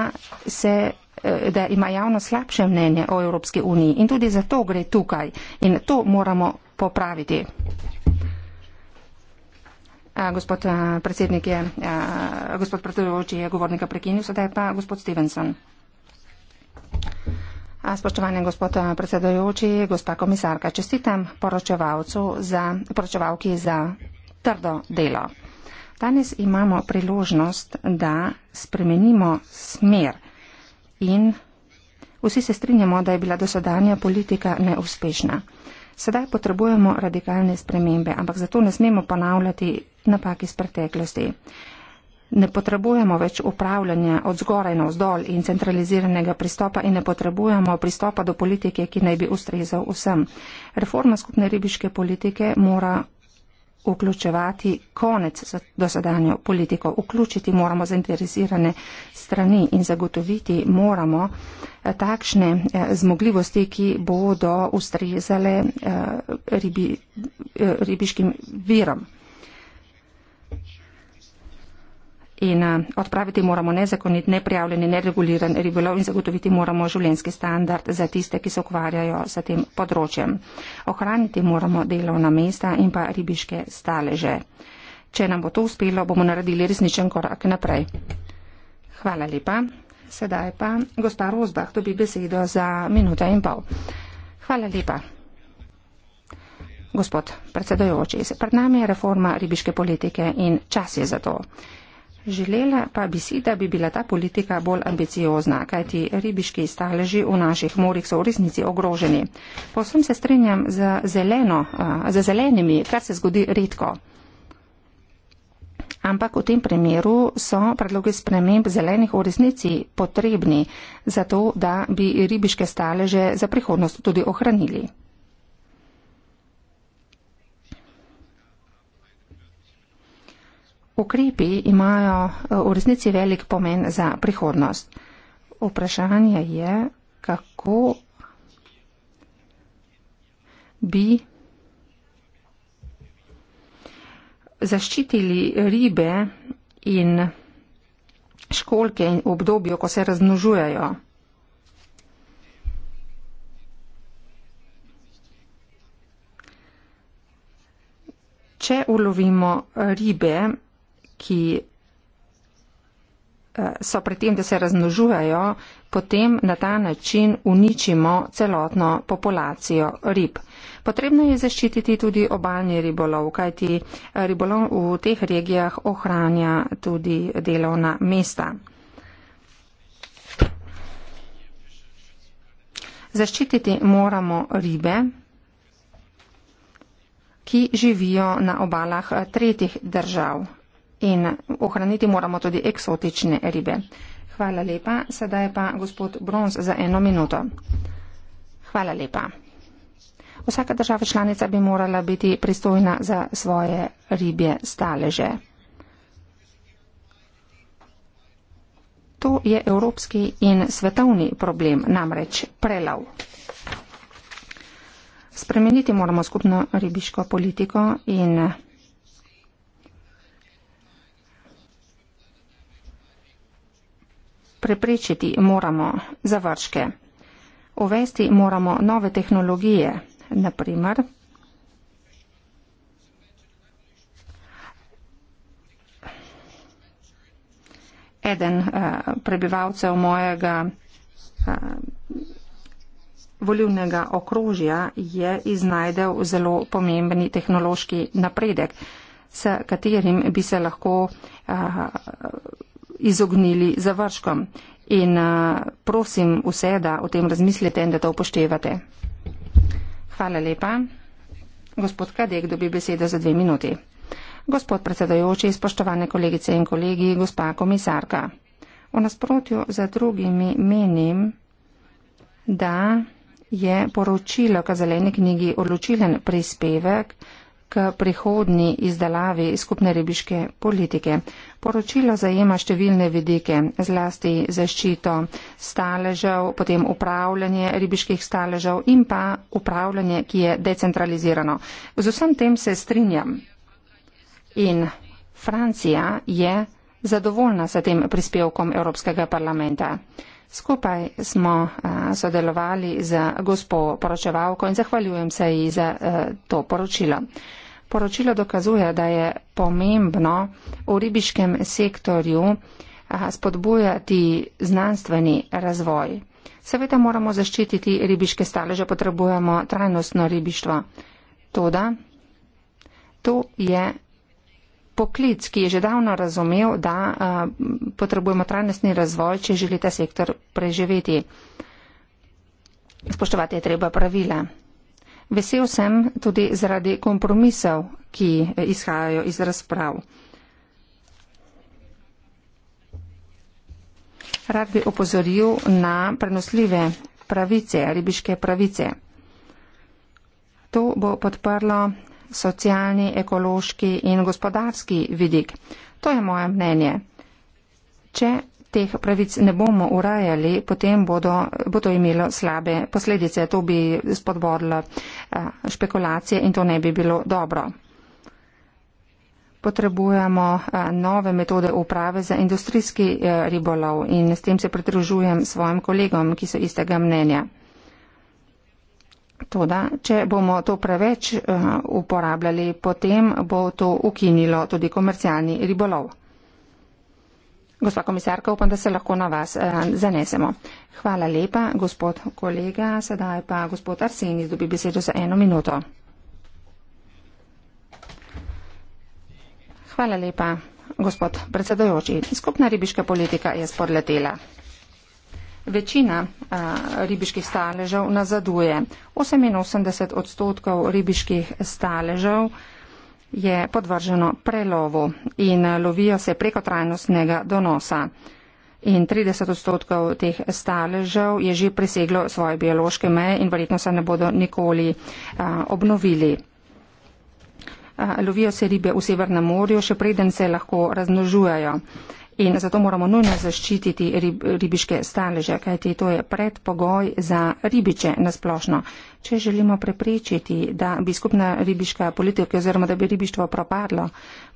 se Eh, da ima javno slabše mnenje o Evropski uniji in tudi zato gre tukaj in to moramo popraviti. A, gospod a, predsednik je, a, gospod predsedujoči je govornika prekinil, sedaj pa gospod Stevenson. A, spoštovani gospod predsedujoči, gospa komisarka, čestitam poročevalcu za, poročevalki za trdo delo. Danes imamo priložnost, da spremenimo smer in vsi se strinjamo, da je bila dosedanja politika neuspešna. Sedaj potrebujemo radikalne spremembe, ampak zato ne smemo ponavljati napak iz preteklosti. Ne potrebujemo več upravljanja od zgoraj na vzdolj in centraliziranega pristopa in ne potrebujemo pristopa do politike, ki naj bi ustrezal vsem. Reforma skupne ribiške politike mora vključevati konec dosedanjo politiko, vključiti moramo zainteresirane strani in zagotoviti moramo eh, takšne eh, zmogljivosti, ki bodo ustrezale eh, ribi, ribiškim virom. in eh, odpraviti moramo nezakonit, neprijavljeni, nereguliran ribolov in zagotoviti moramo življenski standard za tiste, ki se ukvarjajo s tem področjem. Ohraniti moramo delovna mesta in pa ribiške staleže. Če nam bo to uspelo, bomo naredili resničen korak naprej. Hvala lepa. Sedaj pa gospa Rozbah dobi besedo za minuto in pol. Hvala lepa. Gospod predsedojoči, pred nami je reforma ribiške politike in čas je za to. Želela pa bi si, da bi bila ta politika bolj ambiciozna, kajti ribiški staleži v naših morjih so v resnici ogroženi. Posem se strinjam za, zeleno, za zelenimi, kar se zgodi redko. Ampak v tem primeru so predloge sprememb zelenih v resnici potrebni, zato da bi ribiške staleže za prihodnost tudi ohranili. ukrepi imajo eh, v resnici velik pomen za prihodnost. Vprašanje je, kako bi zaščitili ribe in školke in obdobju, ko se razmnožujejo. Če ulovimo ribe, ki eh, so pred tem, da se razmnožujejo, potem na ta način uničimo celotno populacijo rib. Potrebno je zaščititi tudi obaljni ribolov, kajti ribolov v teh regijah ohranja tudi delovna mesta. Zaščititi moramo ribe, ki živijo na obalah tretjih držav in ohraniti moramo tudi eksotične ribe. Hvala lepa. Sedaj pa gospod Bronz za eno minuto. Hvala lepa. Vsaka država članica bi morala biti pristojna za svoje ribje staleže. To je evropski in svetovni problem, namreč prelav. Spremeniti moramo skupno ribiško politiko in. preprečiti moramo završke. Uvesti moramo nove tehnologije, naprimer eden uh, prebivalcev mojega uh, eh, volivnega okrožja je iznajdel zelo pomemben tehnološki napredek, s katerim bi se lahko uh, izognili završkom. In eh, prosim vse, da o tem razmislite in da to upoštevate. Hvala lepa. Gospod Kadek dobi besedo za dve minuti. Gospod predsedajoči, spoštovane kolegice in kolegi, gospa komisarka. V nasprotju za drugimi menim, da je poročilo k zeleni knjigi odločilen prispevek k prihodni izdelavi skupne ribiške politike. Poročilo zajema številne vidike, zlasti zaščito staležev, potem upravljanje ribiških staležev in pa upravljanje, ki je decentralizirano. Z vsem tem se strinjam. In Francija je zadovoljna s tem prispevkom Evropskega parlamenta. Skupaj smo sodelovali z gospo poročevalko in zahvaljujem se ji za to poročilo. Poročilo dokazuje, da je pomembno v ribiškem sektorju spodbujati znanstveni razvoj. Seveda moramo zaščititi ribiške staleže, potrebujemo trajnostno ribištvo. Toda to je poklic, ki je že davno razumel, da a, potrebujemo trajnostni razvoj, če želi ta sektor preživeti. Spoštovati je treba pravila. Vesel sem tudi zaradi kompromisov, ki izhajajo iz razprav. Rad bi opozoril na prenosljive pravice, ribiške pravice. To bo podprlo socialni, ekološki in gospodarski vidik. To je moje mnenje. Če teh pravic ne bomo urajali, potem bodo, bo to imelo slabe posledice. To bi spodbodilo eh, špekulacije in to ne bi bilo dobro. Potrebujemo eh, nove metode uprave za industrijski eh, ribolov in s tem se pridružujem svojim kolegom, ki so istega mnenja. Toda, če bomo to preveč uporabljali, potem bo to ukinilo tudi komercialni ribolov. Gospa komisarka, upam, da se lahko na vas eh, zanesemo. Hvala lepa, gospod kolega. Sedaj pa gospod Arsenij dobi besedo za eno minuto. Hvala lepa, gospod predsedojoči. Skupna ribiška politika je sporletela. Večina a, eh, ribiških staležev nazaduje. 88 odstotkov ribiških staležev je podvrženo prelovu in lovijo se preko trajnostnega donosa. In 30 odstotkov teh staležev je že preseglo svoje biološke meje in verjetno se ne bodo nikoli a, obnovili. A, lovijo se ribe v Severnem morju, še preden se lahko raznožujajo. A, in zato moramo nujno zaščititi rib, ribiške staleže, kajti to je predpogoj za ribiče nasplošno. Če želimo preprečiti, da bi skupna ribiška politika oziroma da bi ribištvo propadlo,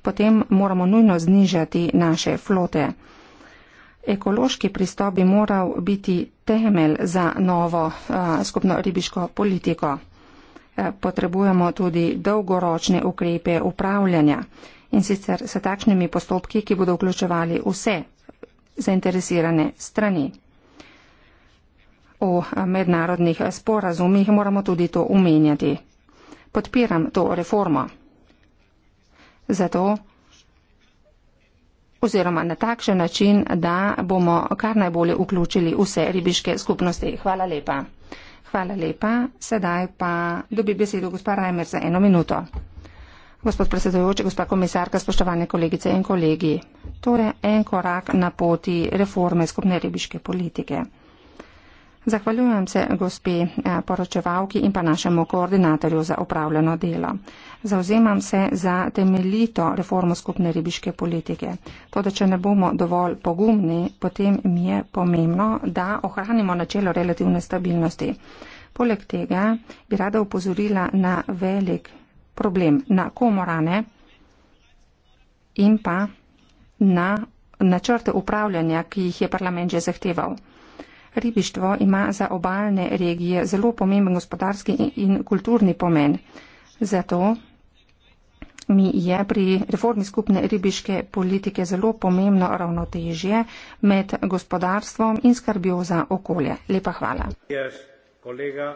potem moramo nujno znižati naše flote. Ekološki pristop bi moral biti temelj za novo uh, skupno ribiško politiko. Uh, potrebujemo tudi dolgoročne ukrepe upravljanja. Uh, in sicer s takšnimi postopki, ki bodo vključevali vse zainteresirane strani. O mednarodnih sporazumih moramo tudi to umenjati. Podpiram to reformo. Zato oziroma na takšen način, da bomo kar najbolje vključili vse ribiške skupnosti. Hvala lepa. Hvala lepa. Sedaj pa dobi besedo gospa Rajmer za eno minuto. Gospod predsedujoči, gospa komisarka, spoštovane kolegice in kolegi. Torej en korak na poti reforme skupne ribiške politike. Zahvaljujem se gospe eh, poročevalki in pa našemu koordinatorju za upravljeno delo. Zauzemam se za temeljito reformo skupne ribiške politike. To, da če ne bomo dovolj pogumni, potem mi je pomembno, da ohranimo načelo relativne stabilnosti. Poleg tega bi rada upozorila na velik problem na komorane in pa na načrte upravljanja, ki jih je parlament že zahteval. Ribištvo ima za obaljne regije zelo pomemben gospodarski in kulturni pomen. Zato mi je pri reformi skupne ribiške politike zelo pomembno ravnotežje med gospodarstvom in skrbjo za okolje. Lepa hvala. Yes, kolega,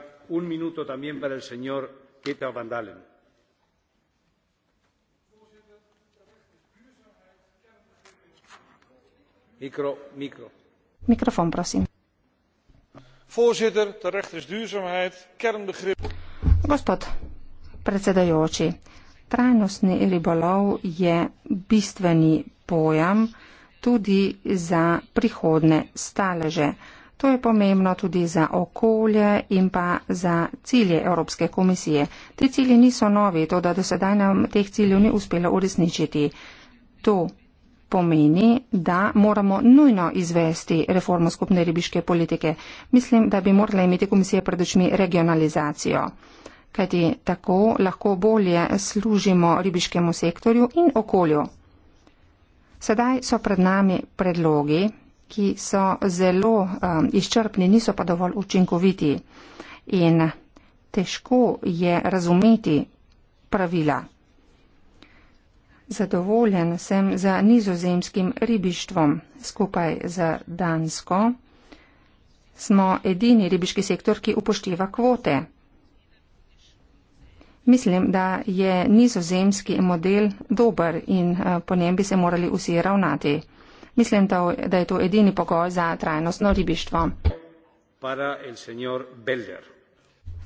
voorzitter terecht is duurzaamheid kernbegrip. gospod predsedujoči trajnostni ribolov je bistveni pojem tudi za prihodne staleže. To je pomembno tudi za okolje in pa za cilje Evropske komisije. Ti cilji niso novi, to da do sedaj nam teh ciljev ni uspelo uresničiti. To pomeni, da moramo nujno izvesti reformo skupne ribiške politike. Mislim, da bi morala imeti komisija pred očmi regionalizacijo, kajti tako lahko bolje služimo ribiškemu sektorju in okolju. Sedaj so pred nami predlogi, ki so zelo um, izčrpni, niso pa dovolj učinkoviti in težko je razumeti pravila. Zadovoljen sem za nizozemskim ribištvom. Skupaj za Dansko smo edini ribiški sektor, ki upošteva kvote. Mislim, da je nizozemski model dober in eh, po njem bi se morali vsi ravnati. Mislim, da, da je to edini pogoj za trajnostno ribištvo. Para el señor Belder.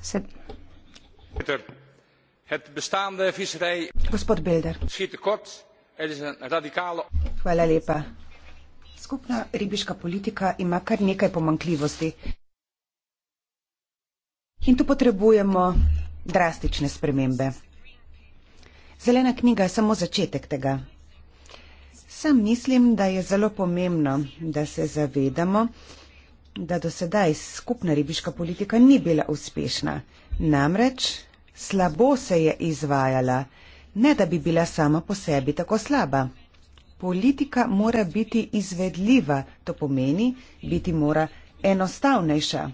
Sed... Peter, het bestaande visserijbeleid schiet tekort er is een radicale. Hvala lepa. Skupna ribiška politika ima kar nekaj pomankljivosti. In tu potrebujemo drastične spremembe. Zelena knjiga je samo začetek tega. Sam mislim, da je zelo pomembno, da se zavedamo, da do sedaj skupna ribiška politika ni bila uspešna. Namreč Slabo se je izvajala, ne da bi bila sama po sebi tako slaba. Politika mora biti izvedljiva, to pomeni, biti mora enostavnejša.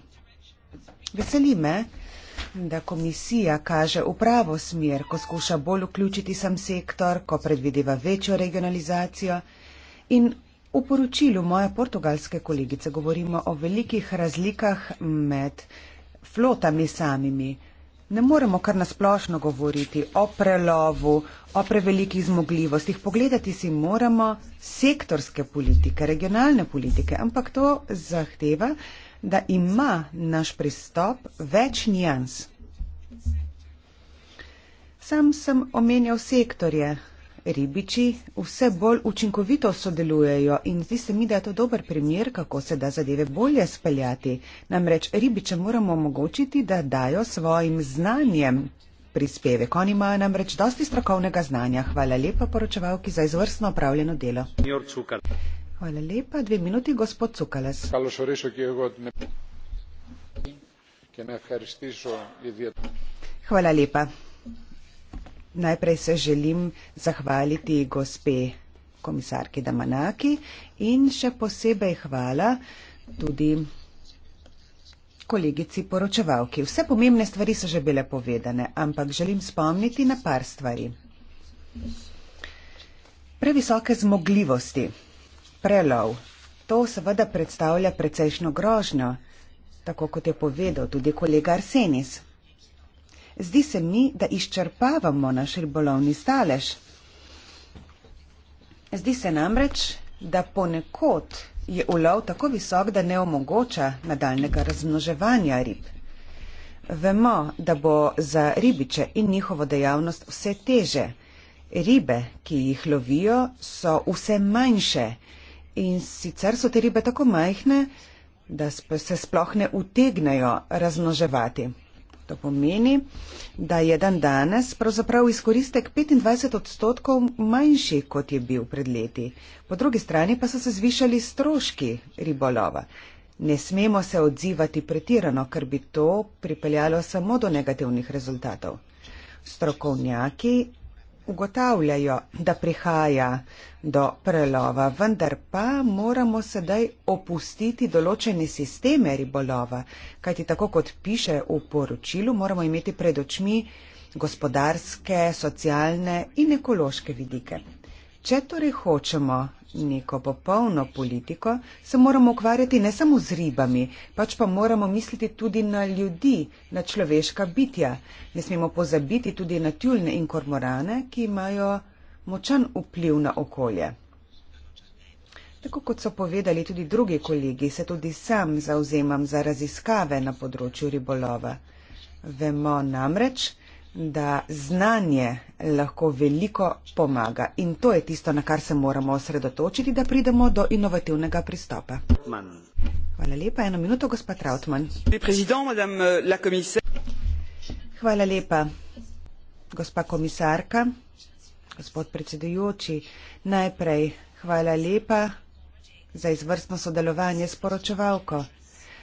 Veseli me, da komisija kaže v pravo smer, ko skuša bolj vključiti sam sektor, ko predvideva večjo regionalizacijo in v poročilu moje portugalske kolegice govorimo o velikih razlikah med flotami samimi ne moremo kar nasplošno govoriti o prelovu, o prevelikih zmogljivostih. Pogledati si moramo sektorske politike, regionalne politike, ampak to zahteva, da ima naš pristop več nijans. Sam sem omenjal sektorje, ribiči vse bolj učinkovito sodelujejo in zdi se mi, da je to dober primer, kako se da zadeve bolje speljati. Namreč ribiče moramo omogočiti, da dajo svojim znanjem prispevek. Oni imajo namreč dosti strokovnega znanja. Hvala lepa poročevalki za izvrstno opravljeno delo. Hvala lepa. Dve minuti, gospod Cukales. Hvala lepa. Najprej se želim zahvaliti gospe komisarki Damanaki in še posebej hvala tudi kolegici poročevalki. Vse pomembne stvari so že bile povedane, ampak želim spomniti na par stvari. Previsoke zmogljivosti, prelov, to seveda predstavlja precejšno grožnjo, tako kot je povedal tudi kolega Arsenis. Zdi se mi, da izčrpavamo naš ribolovni stalež. Zdi se namreč, da ponekod je ulov tako visok, da ne omogoča nadaljnega razmnoževanja rib. Vemo, da bo za ribiče in njihovo dejavnost vse teže. Ribe, ki jih lovijo, so vse manjše in sicer so te ribe tako majhne, da se sploh ne utegnejo razmnoževati. To pomeni, da je dan danes pravzaprav izkoristek 25 odstotkov manjši, kot je bil pred leti. Po drugi strani pa so se zvišali stroški ribolova. Ne smemo se odzivati pretirano, ker bi to pripeljalo samo do negativnih rezultatov. Strokovnjaki ugotavljajo, da prihaja do prelova, vendar pa moramo sedaj opustiti določene sisteme ribolova, kajti tako kot piše v poročilu, moramo imeti pred očmi gospodarske, socialne in ekološke vidike. Če torej hočemo neko popolno politiko, se moramo ukvarjati ne samo z ribami, pač pa moramo misliti tudi na ljudi, na človeška bitja. Ne smemo pozabiti tudi na tjulne in kormorane, ki imajo močan vpliv na okolje. Tako kot so povedali tudi drugi kolegi, se tudi sam zauzemam za raziskave na področju ribolova. Vemo namreč, da znanje lahko veliko pomaga. In to je tisto, na kar se moramo osredotočiti, da pridemo do inovativnega pristopa. Hvala lepa. Eno minuto, gospod Trautmann. Euh, hvala lepa, gospa komisarka, gospod predsedujoči. Najprej hvala lepa za izvrstno sodelovanje s poročevalko.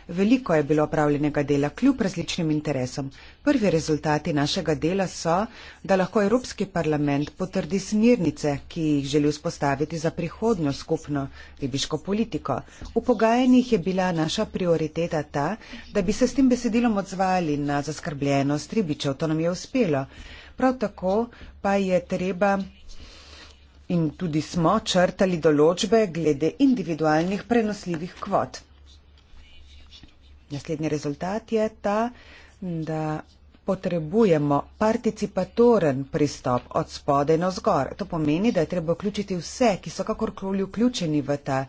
Veliko je bilo opravljenega dela kljub različnim interesom. Prvi rezultati našega dela so, da lahko Evropski parlament potrdi smirnice, ki jih želi vzpostaviti za prihodnjo skupno ribiško politiko. V pogajanjih je bila naša prioriteta ta, da bi se s tem besedilom odzvali na zaskrbljenost ribičev. To nam je uspelo. Prav tako pa je treba. In tudi smo črtali določbe glede individualnih prenosljivih kvot. Naslednji rezultat je ta, da potrebujemo participatoren pristop od spode na zgor. To pomeni, da je treba vključiti vse, ki so kakorkoli vključeni v ta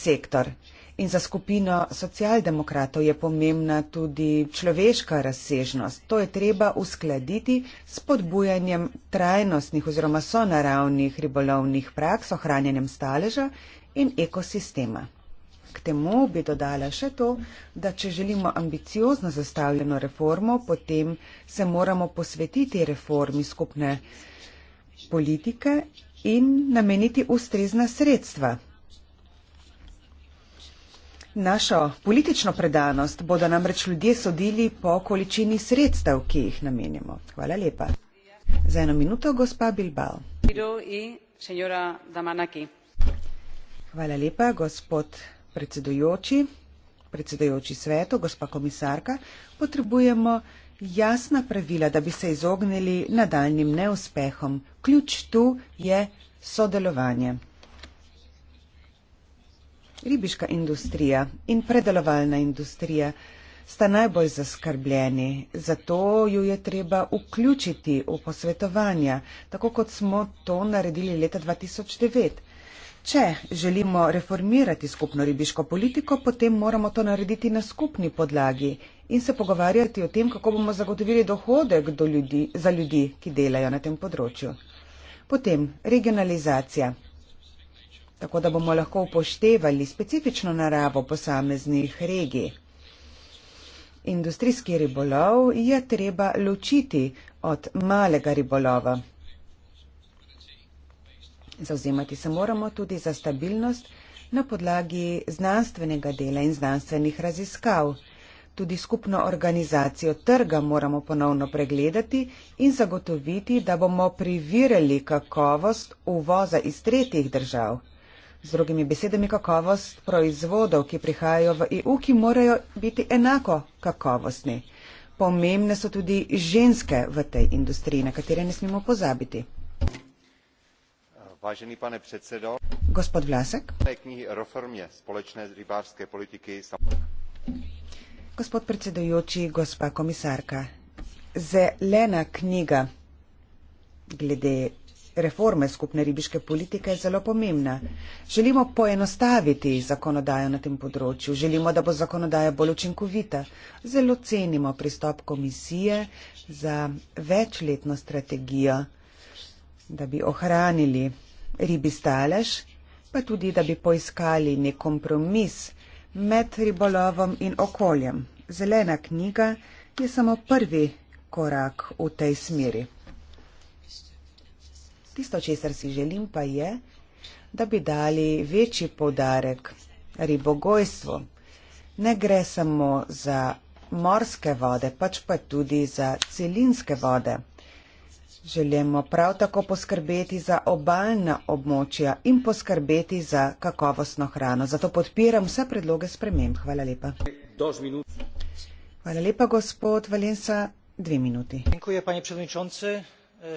sektor. In za skupino socialdemokratov je pomembna tudi človeška razsežnost. To je treba uskladiti s podbujanjem trajnostnih oziroma sonaravnih ribolovnih praks, ohranjanjem staleža in ekosistema. K temu bi dodala še to, da če želimo ambiciozno zastavljeno reformo, potem se moramo posvetiti reformi skupne politike in nameniti ustrezna sredstva. Našo politično predanost bodo namreč ljudje sodili po količini sredstev, ki jih namenimo. Hvala lepa. Za eno minuto gospa Bilbao. Hvala lepa, gospod predsedujoči, predsedujoči svetu, gospa komisarka, potrebujemo jasna pravila, da bi se izognili nadaljnim neuspehom. Ključ tu je sodelovanje. Ribiška industrija in predelovalna industrija sta najbolj zaskrbljeni, zato ju je treba vključiti v posvetovanja, tako kot smo to naredili leta 2009. Če želimo reformirati skupno ribiško politiko, potem moramo to narediti na skupni podlagi in se pogovarjati o tem, kako bomo zagotovili dohodek do ljudi, za ljudi, ki delajo na tem področju. Potem regionalizacija, tako da bomo lahko upoštevali specifično naravo posameznih regij. Industrijski ribolov je treba ločiti od malega ribolova. Zauzemati se moramo tudi za stabilnost na podlagi znanstvenega dela in znanstvenih raziskav. Tudi skupno organizacijo trga moramo ponovno pregledati in zagotoviti, da bomo privirali kakovost uvoza iz tretjih držav. Z drugimi besedami, kakovost proizvodov, ki prihajajo v EU, ki morajo biti enako kakovostni. Pomembne so tudi ženske v tej industriji, na katere ne smemo pozabiti pane předsedající gospa komisarka zelena knjiga glede reforme skupne ribiške politike je zelo pomembna želimo poenostaviti zakonodajo na tem področju želimo da bo zakonodaja bolj učinkovita zelo cenimo pristop komisije za večletno strategijo da bi ohranili ribi stalež, pa tudi, da bi poiskali nek kompromis med ribolovom in okoljem. Zelena knjiga je samo prvi korak v tej smeri. Tisto, česar si želim, pa je, da bi dali večji podarek ribogojstvu. Ne gre samo za morske vode, pač pa tudi za celinske vode želimo prav tako poskrbeti za obaljna območja in poskrbeti za kakovostno hrano. Zato podpiram vse predloge sprememb. Hvala lepa. Hvala lepa, gospod Valensa. Dve minuti. E,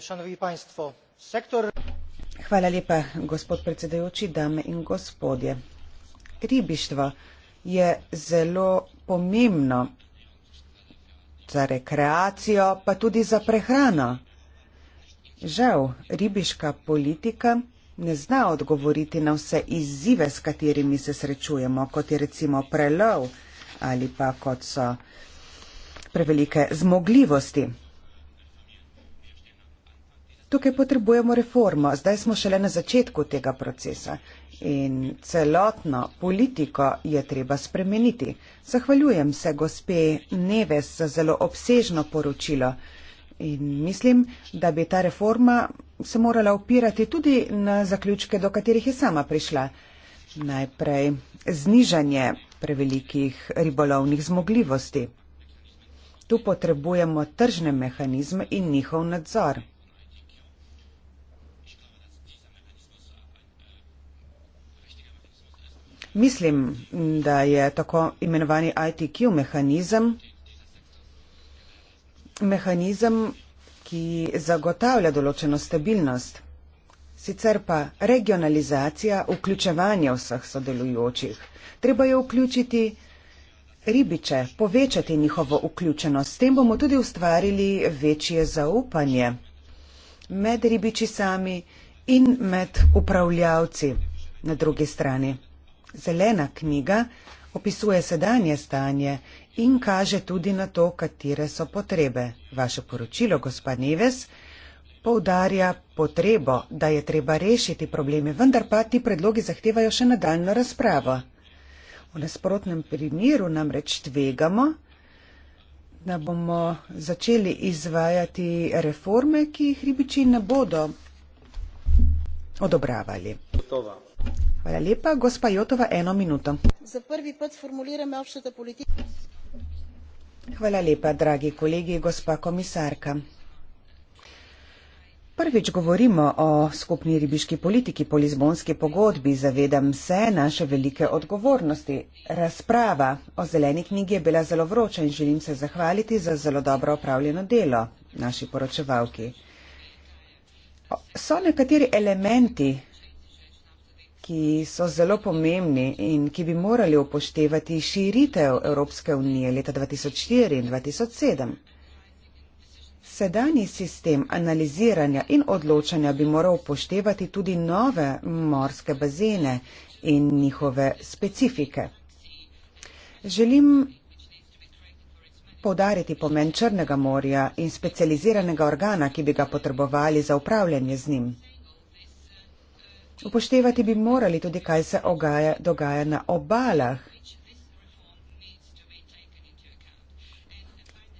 Hvala lepa, gospod predsedajoči, dame in gospodje. Ribištvo je zelo pomembno za rekreacijo, pa tudi za prehrano Žal, ribiška politika ne zna odgovoriti na vse izzive, s katerimi se srečujemo, kot je recimo prelov ali pa kot so prevelike zmogljivosti. Tukaj potrebujemo reformo. Zdaj smo šele na začetku tega procesa in celotno politiko je treba spremeniti. Zahvaljujem se gospe Neves za zelo obsežno poročilo. In mislim, da bi ta reforma se morala upirati tudi na zaključke, do katerih je sama prišla. Najprej znižanje prevelikih ribolovnih zmogljivosti. Tu potrebujemo tržne mehanizme in njihov nadzor. Mislim, da je tako imenovani ITQ mehanizem mehanizem, ki zagotavlja določeno stabilnost. Sicer pa regionalizacija, vključevanje vseh sodelujočih. Treba je vključiti ribiče, povečati njihovo vključenost. S tem bomo tudi ustvarili večje zaupanje med ribiči sami in med upravljavci na drugi strani. Zelena knjiga opisuje sedanje stanje in kaže tudi na to, katere so potrebe. Vaše poročilo, gospa Neves, poudarja potrebo, da je treba rešiti probleme, vendar pa ti predlogi zahtevajo še nadaljno razpravo. V nasprotnem primeru namreč tvegamo, da bomo začeli izvajati reforme, ki jih ribiči ne bodo odobravali. Jotova. Hvala lepa, gospa Jotova, eno minuto. Za prvi pot formuliramo obšte politike. Hvala lepa, dragi kolegi, gospa komisarka. Prvič govorimo o skupni ribiški politiki po Lizbonski pogodbi. Zavedam se naše velike odgovornosti. Razprava o zeleni knjigi je bila zelo vroča in želim se zahvaliti za zelo dobro opravljeno delo naši poročevalki. So nekateri elementi ki so zelo pomembni in ki bi morali upoštevati širitev Evropske unije leta 2004 in 2007. Sedanji sistem analiziranja in odločanja bi moral upoštevati tudi nove morske bazene in njihove specifike. Želim podariti pomen Črnega morja in specializiranega organa, ki bi ga potrebovali za upravljanje z njim. Upoštevati bi morali tudi, kaj se ogaja, dogaja na obalah.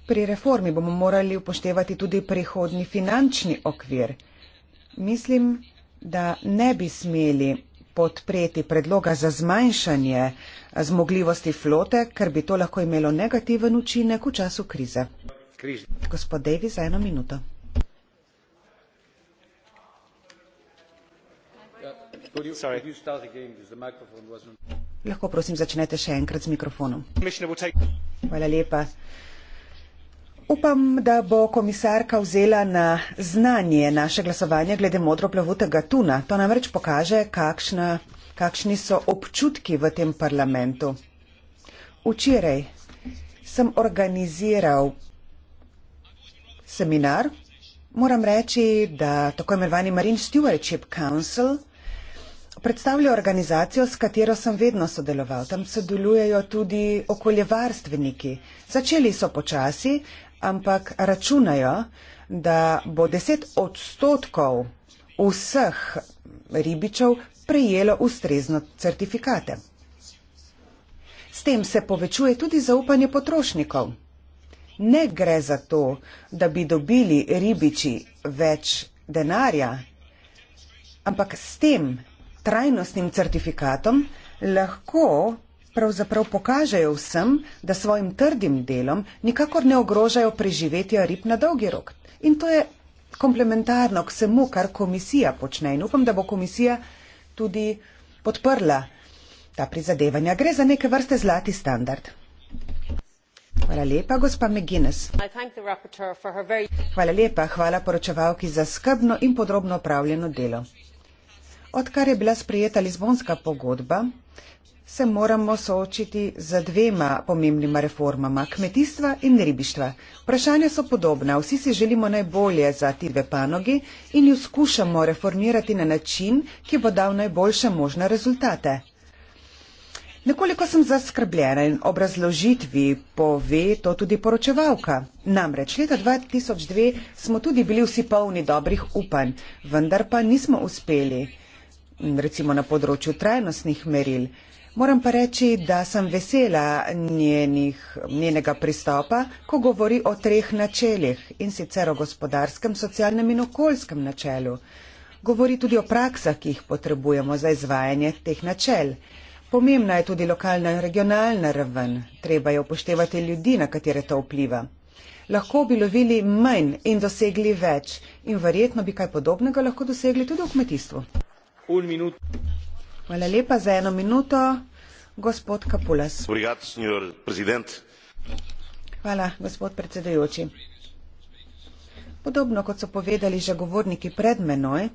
Pri reformi bomo morali upoštevati tudi prihodni finančni okvir. Mislim, da ne bi smeli podpreti predloga za zmanjšanje eh, zmogljivosti flote, ker bi to lahko imelo negativen učinek v času krize. Križ. Gospod Davis, eno minuto. Lahko prosim začnete še enkrat z mikrofonom. Hvala lepa. Upam, da bo komisarka vzela na znanje naše glasovanje glede modroplavutega tuna. To namreč pokaže, kakšna, kakšni so občutki v tem parlamentu. Včeraj sem organiziral seminar. Moram reči, da tako imenovani Marine Stewardship Council Predstavlja organizacijo, s katero sem vedno sodeloval. Tam sodelujejo tudi okoljevarstveniki. Začeli so počasi, ampak računajo, da bo 10 odstotkov vseh ribičev prejelo ustrezno certifikate. S tem se povečuje tudi zaupanje potrošnikov. Ne gre za to, da bi dobili ribiči več denarja, ampak s tem trajnostnim certifikatom lahko pravzaprav pokažejo vsem, da svojim trdim delom nikakor ne ogrožajo preživetja rib na dolgi rok. In to je komplementarno k vsemu, kar komisija počne in upam, da bo komisija tudi podprla ta prizadevanja. Gre za neke vrste zlati standard. Hvala lepa, gospa McGuinness. Hvala lepa, hvala poročevalki za skrbno in podrobno opravljeno delo. Odkar je bila sprejeta Lizbonska pogodba, se moramo soočiti z dvema pomembnima reformama - kmetijstva in ribištva. Vprašanja so podobna, vsi si želimo najbolje za ti dve panogi in jo skušamo reformirati na način, ki bo dal najboljše možne rezultate. Nekoliko sem zaskrbljena in ob razložitvi pove to tudi poročevalka. Namreč leta 2002 smo tudi bili vsi polni dobrih upanj, vendar pa nismo uspeli recimo na področju trajnostnih meril. Moram pa reči, da sem vesela njenih, njenega pristopa, ko govori o treh načeljih in sicer o gospodarskem, socialnem in okoljskem načelu. Govori tudi o praksah, ki jih potrebujemo za izvajanje teh načel. Pomembna je tudi lokalna in regionalna raven, treba je upoštevati ljudi, na katere to vpliva. Lahko bi lovili manj in dosegli več in verjetno bi kaj podobnega lahko dosegli tudi v kmetijstvu. Hvala lepa za eno minuto. Gospod Kapulas. Hvala, gospod predsedujoči. Podobno kot so povedali že govorniki pred menoj,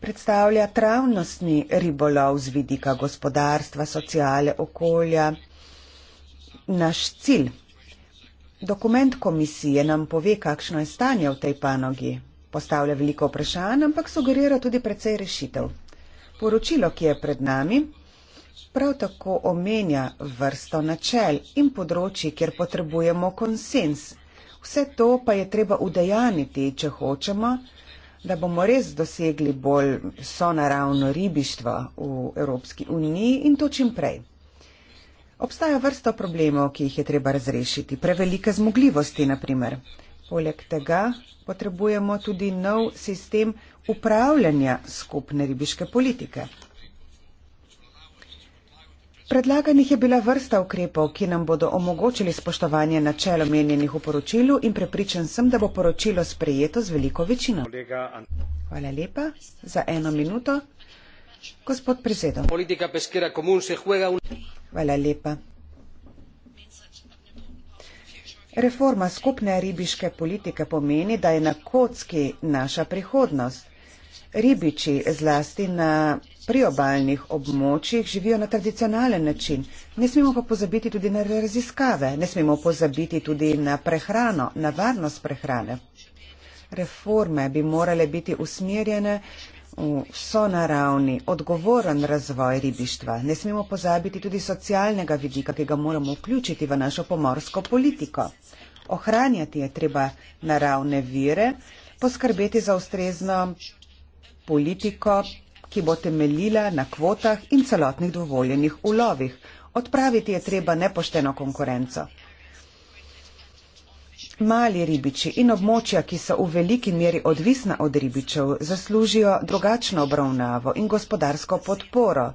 predstavlja travnostni ribolov z vidika gospodarstva, sociale, okolja naš cilj. Dokument komisije nam pove, kakšno je stanje v tej panogi. Postavlja veliko vprašanj, ampak sugerira tudi precej rešitev. Poročilo, ki je pred nami, prav tako omenja vrsto načel in področji, kjer potrebujemo konsens. Vse to pa je treba udejaniti, če hočemo, da bomo res dosegli bolj sonaravno ribištvo v Evropski uniji in to čim prej. Obstaja vrsta problemov, ki jih je treba razrešiti, prevelike zmogljivosti, naprimer. Poleg tega potrebujemo tudi nov sistem upravljanja skupne ribiške politike. Predlaganih je bila vrsta ukrepov, ki nam bodo omogočili spoštovanje načel omenjenih v poročilu in prepričan sem, da bo poročilo sprejeto z veliko večino. Hvala lepa za eno minuto. Gospod predsednik. Hvala lepa. Reforma skupne ribiške politike pomeni, da je na kocki naša prihodnost. Ribiči zlasti na priobalnih območjih živijo na tradicionalen način. Ne smemo pa pozabiti tudi na raziskave, ne smemo pozabiti tudi na prehrano, na varnost prehrane. Reforme bi morale biti usmerjene v sonaravni, odgovoren razvoj ribištva. Ne smemo pozabiti tudi socialnega vidika, ki ga moramo vključiti v našo pomorsko politiko. Ohranjati je treba naravne vire, poskrbeti za ustrezno politiko, ki bo temeljila na kvotah in celotnih dovoljenih ulovih. Odpraviti je treba nepošteno konkurenco. Mali ribiči in območja, ki so v veliki meri odvisna od ribičev, zaslužijo drugačno obravnavo in gospodarsko podporo.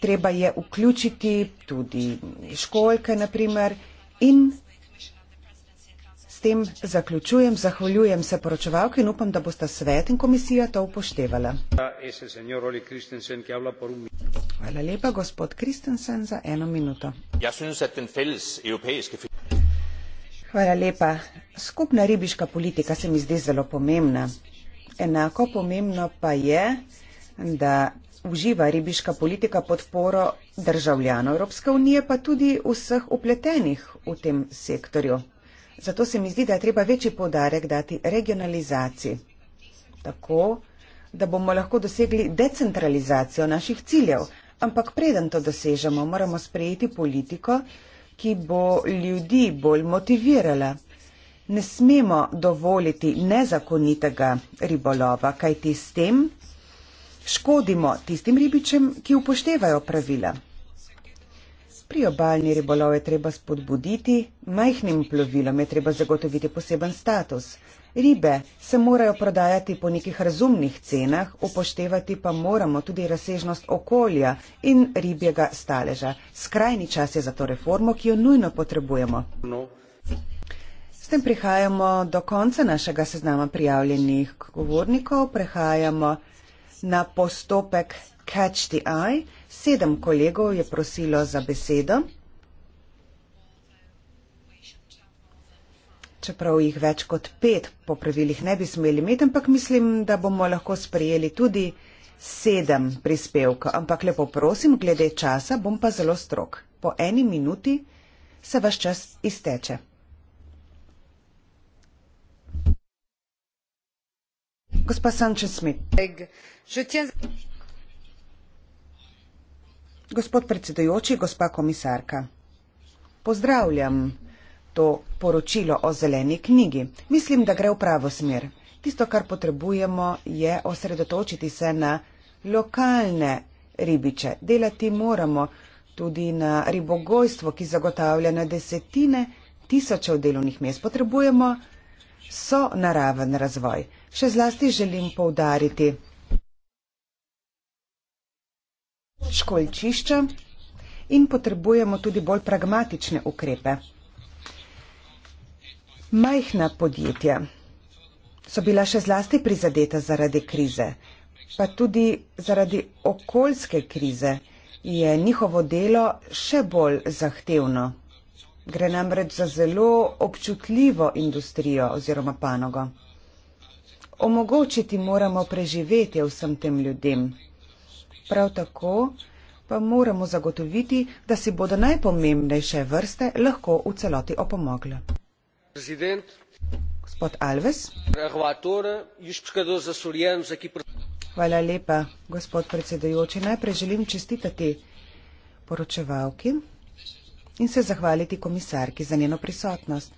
Treba je vključiti tudi školjke, naprimer, in s tem zaključujem, zahvaljujem se poročevalki in upam, da boste svet in komisija to upoštevala. Hvala lepa, gospod Kristensen, za eno minuto. Hvala lepa. Skupna ribiška politika se mi zdi zelo pomembna. Enako pomembno pa je, da uživa ribiška politika podporo državljanov Evropske unije, pa tudi vseh upletenih v tem sektorju. Zato se mi zdi, da je treba večji podarek dati regionalizaciji, tako da bomo lahko dosegli decentralizacijo naših ciljev. Ampak preden to dosežemo, moramo sprejeti politiko, ki bo ljudi bolj motivirala. Ne smemo dovoliti nezakonitega ribolova, kajti s tem škodimo tistim ribičem, ki upoštevajo pravila. Pri obaljni ribolov je treba spodbuditi, majhnim plovilom je treba zagotoviti poseben status. Ribe se morajo prodajati po nekih razumnih cenah, upoštevati pa moramo tudi razsežnost okolja in ribjega staleža. Skrajni čas je za to reformo, ki jo nujno potrebujemo. No. S tem prihajamo do konca našega seznama prijavljenih govornikov. Prehajamo na postopek Catch the Eye. Sedem kolegov je prosilo za besedo. čeprav jih več kot pet po pravilih ne bi smeli imeti, ampak mislim, da bomo lahko sprejeli tudi sedem prispevkov. Ampak lepo prosim, glede časa bom pa zelo strok. Po eni minuti se vaš čas izteče. Gospa Sančesmit. Gospod predsedujoči, gospa komisarka. Pozdravljam to poročilo o zeleni knjigi. Mislim, da gre v pravo smer. Tisto, kar potrebujemo, je osredotočiti se na lokalne ribiče. Delati moramo tudi na ribogojstvo, ki zagotavlja na desetine tisočev delovnih mest. Potrebujemo so naraven razvoj. Še zlasti želim poudariti školjčišča in potrebujemo tudi bolj pragmatične ukrepe. Majhna podjetja so bila še zlasti prizadeta zaradi krize, pa tudi zaradi okoljske krize je njihovo delo še bolj zahtevno. Gre namreč za zelo občutljivo industrijo oziroma panogo. Omogočiti moramo preživetje vsem tem ljudem. Prav tako pa moramo zagotoviti, da si bodo najpomembnejše vrste lahko v celoti opomogle. E Hvala lepa, gospod predsedujoči. Najprej želim čestitati poročevalki in se zahvaliti komisarki za njeno prisotnost.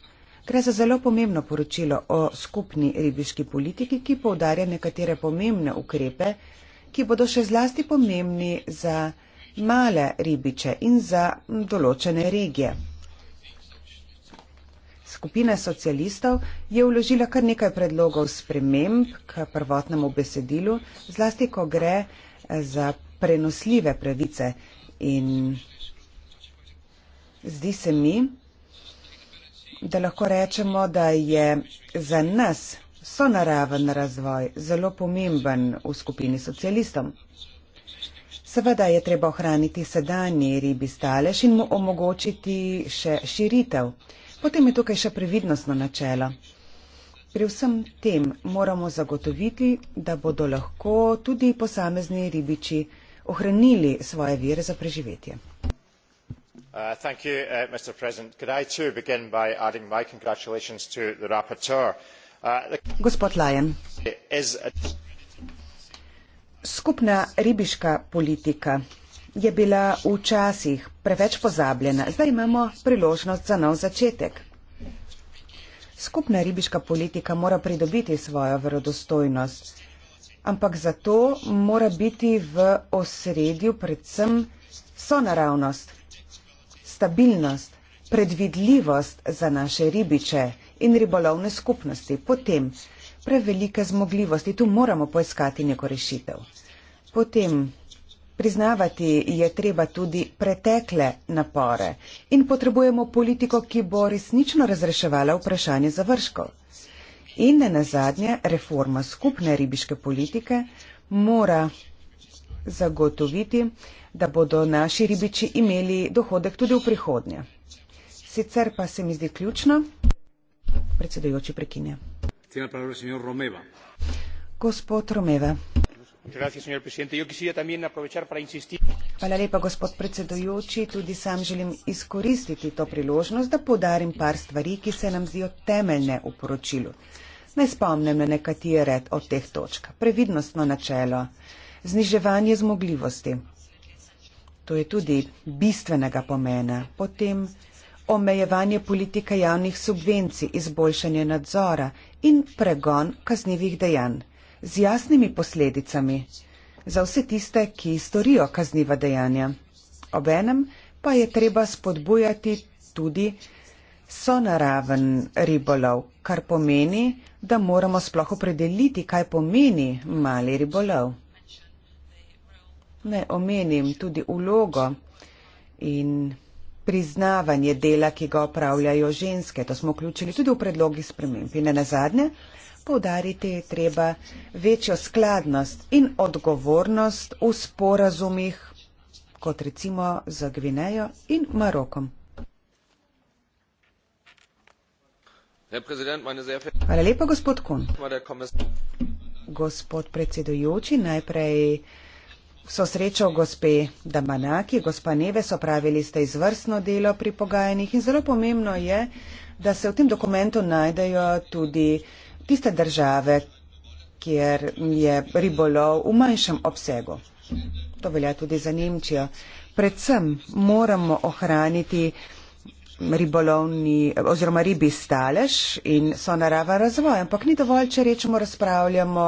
Gre za zelo pomembno poročilo o skupni ribiški politiki, ki povdarja nekatere pomembne ukrepe, ki bodo še zlasti pomembni za male ribiče in za določene regije skupina socialistov je vložila kar nekaj predlogov sprememb k prvotnemu besedilu, zlasti ko gre eh, za prenosljive pravice. In zdi se mi, da lahko rečemo, da je za nas sonaraven razvoj zelo pomemben v skupini socialistov. Seveda je treba ohraniti sedanji ribi stalež in mu omogočiti še širitev. Potem je tukaj še previdnostno načelo. Pri vsem tem moramo zagotoviti, da bodo lahko tudi posamezni ribiči ohranili svoje vire za preživetje. Uh, thank you, uh, Mr. President. Could I too begin by adding my congratulations to the rapporteur? Uh, Gospod Lajen, skupna ribiška politika je bila včasih preveč pozabljena, zdaj imamo priložnost za nov začetek. Skupna ribiška politika mora pridobiti svojo verodostojnost, ampak zato mora biti v osredju predvsem sonaravnost, stabilnost, predvidljivost za naše ribiče in ribolovne skupnosti. Potem prevelike zmogljivosti, tu moramo poiskati neko rešitev. Potem Priznavati je treba tudi pretekle napore in potrebujemo politiko, ki bo resnično razreševala vprašanje završkov. In ne nazadnje, reforma skupne ribiške politike mora zagotoviti, da bodo naši ribiči imeli dohodek tudi v prihodnje. Sicer pa se mi zdi ključno, predsedujoči prekinja. Gospod Romeva gospod predsedujoči tudi sam želim izkoristiti to priložnost da podarim par stvari ki se nam zdijo temeljne v poročilu naj spomnem na nekatere od teh točk previdnostno načelo zniževanje zmogljivosti to je tudi bistvenega pomena potem omejevanje politike javnih subvencij izboljšanje nadzora in pregon kaznivih dejanj z jasnimi posledicami za vse tiste, ki storijo kazniva dejanja. Obenem pa je treba spodbujati tudi sonaraven ribolov, kar pomeni, da moramo sploh opredeliti, kaj pomeni mali ribolov. Naj omenim tudi ulogo in priznavanje dela, ki ga opravljajo ženske. To smo vključili tudi v predlogi sprememb. In na zadnje, poudariti je treba večjo skladnost in odgovornost v sporazumih, kot recimo za Gvinejo in Marokom. Hvala lepa, gospod Kun. Gospod predsedujoči, najprej. Vso srečo, gospe Damanaki, gospa Neve, so pravili ste izvrstno delo pri pogajanjih in zelo pomembno je, da se v tem dokumentu najdejo tudi tiste države, kjer je ribolov v manjšem obsegu. To velja tudi za Nemčijo. Predvsem moramo ohraniti ribolovni oziroma ribi stalež in so narava razvoja, ampak ni dovolj, če rečemo, razpravljamo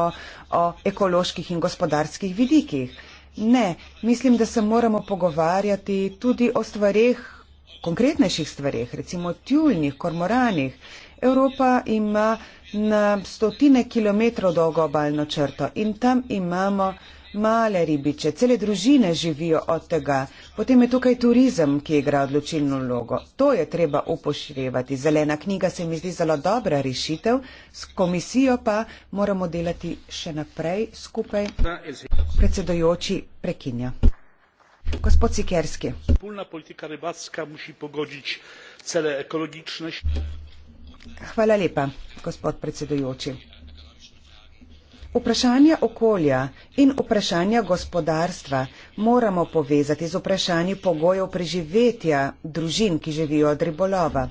o ekoloških in gospodarskih vidikih. Ne, mislim, da se moramo pogovarjati tudi o stvarih, konkretnejših stvarih, recimo tjuljnih, kormoranih. Evropa ima na stotine kilometrov dolgo obaljno črto in tam imamo male ribiče, cele družine živijo od tega. Potem je tukaj turizem, ki igra odločilno vlogo. To je treba upoštevati. Zelena knjiga se mi zdi zelo dobra rešitev, s komisijo pa moramo delati še naprej skupaj. Predsedojoči prekinja. Gospod Sikerski. Hvala lepa, gospod predsedujoči. Vprašanja okolja in vprašanja gospodarstva moramo povezati z vprašanji pogojev preživetja družin, ki živijo od ribolova.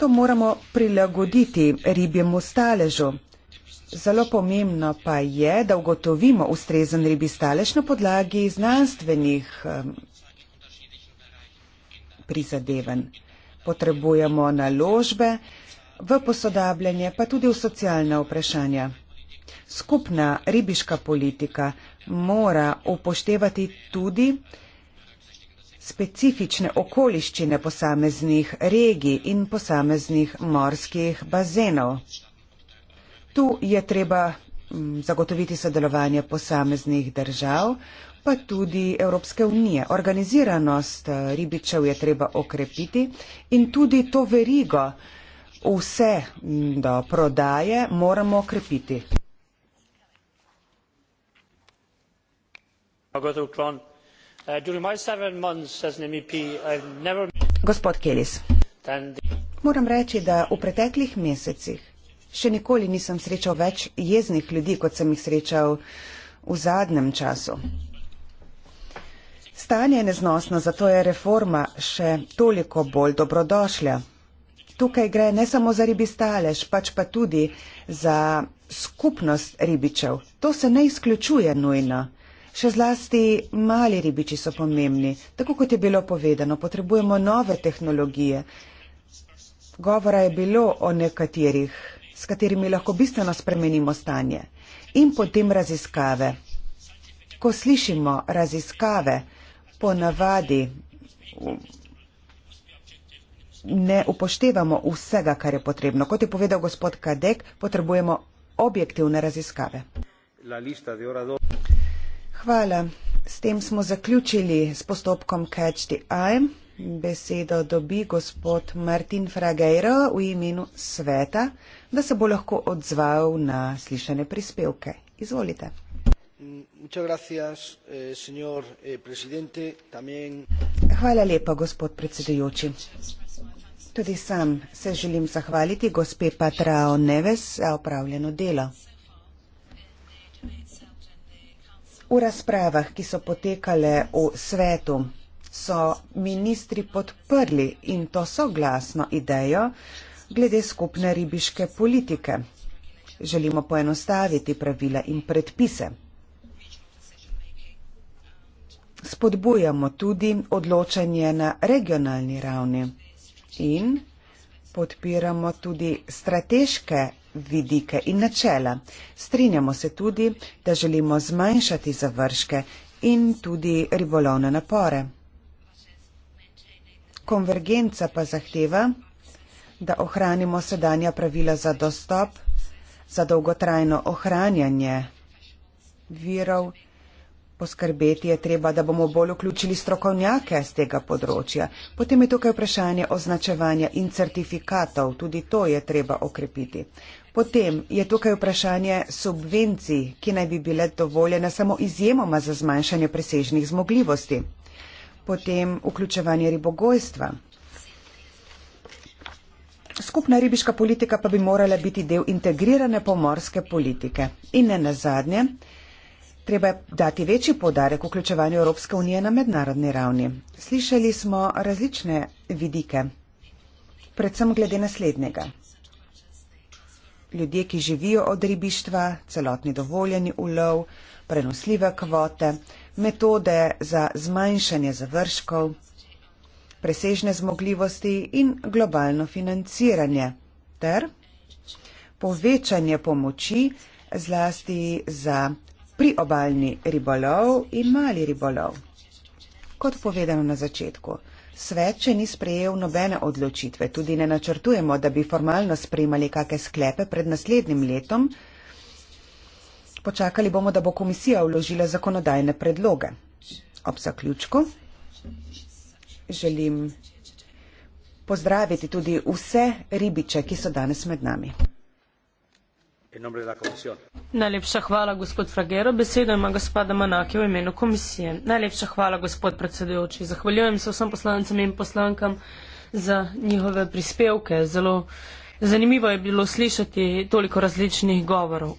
To moramo prilagoditi ribjemu staležu. Zelo pomembno pa je, da ugotovimo ustrezen ribi stalež na podlagi znanstvenih prizadevanj. Potrebujemo naložbe v posodabljanje, pa tudi v socialne vprašanja skupna ribiška politika mora upoštevati tudi specifične okoliščine posameznih regij in posameznih morskih bazenov. Tu je treba mm, zagotoviti sodelovanje posameznih držav, pa tudi Evropske unije. Organiziranost eh, ribičev je treba okrepiti in tudi to verigo vse mm, do prodaje moramo okrepiti. Uh, e moram reči da v preteklih mesecih še nikoli nisem srečal več jeznih ljudi kot sem jih srečal v zadnjem času stanje je neznosno zato je reforma še toliko bolj dobrodošla tukaj gre ne samo za ribi stalež pač pa tudi za skupnost ribičev to se ne izključuje nujno Še zlasti mali ribiči so pomembni. Tako kot je bilo povedano, potrebujemo nove tehnologije. Govora je bilo o nekaterih, s katerimi lahko bistveno spremenimo stanje. In potem raziskave. Ko slišimo raziskave, ponavadi ne upoštevamo vsega, kar je potrebno. Kot je povedal gospod Kadek, potrebujemo objektivne raziskave. La lista de orador. Hvala. S tem smo zaključili s postopkom Catch the Eye. Besedo dobi gospod Martin Frageiro v imenu sveta, da se bo lahko odzval na slišane prispevke. Izvolite. Eh, eh, Hvala lepa, gospod predsedujoči. Tudi sam se želim zahvaliti gospe Patrao Neves za opravljeno delo. V razpravah, ki so potekale v svetu, so ministri podprli in to soglasno idejo glede skupne ribiške politike. Želimo poenostaviti pravila in predpise. Spodbujamo tudi odločanje na regionalni ravni in podpiramo tudi strateške vidike in načela. Strinjamo se tudi, da želimo zmanjšati završke in tudi ribolovne napore. Konvergenca pa zahteva, da ohranimo sedanja pravila za dostop, za dolgotrajno ohranjanje virov. Poskrbeti je treba, da bomo bolj vključili strokovnjake z tega področja. Potem je tukaj vprašanje označevanja in certifikatov. Tudi to je treba okrepiti. Potem je tukaj vprašanje subvencij, ki naj bi bile dovoljene samo izjemoma za zmanjšanje presežnih zmogljivosti. Potem vključevanje ribogojstva. Skupna ribiška politika pa bi morala biti del integrirane pomorske politike. In ne nazadnje, treba je dati večji podarek vključevanju Evropske unije na mednarodni ravni. Slišali smo različne vidike, predvsem glede naslednjega ljudje, ki živijo od ribištva, celotni dovoljeni ulov, prenosljive kvote, metode za zmanjšanje završkov, presežne zmogljivosti in globalno financiranje ter povečanje pomoči zlasti za priobalni ribolov in mali ribolov. Kot povedano na začetku, Svet še ni sprejel nobene odločitve, tudi ne načrtujemo, da bi formalno sprejemali kakšne sklepe pred naslednjim letom. Počakali bomo, da bo komisija vložila zakonodajne predloge. Ob zaključku želim pozdraviti tudi vse ribiče, ki so danes med nami. Najlepša hvala, gospod Fragero. Besedo ima gospa Damanaki v imenu komisije. Najlepša hvala, gospod predsedujoči. Zahvaljujem se vsem poslancem in poslankam za njihove prispevke. Zelo zanimivo je bilo slišati toliko različnih govorov.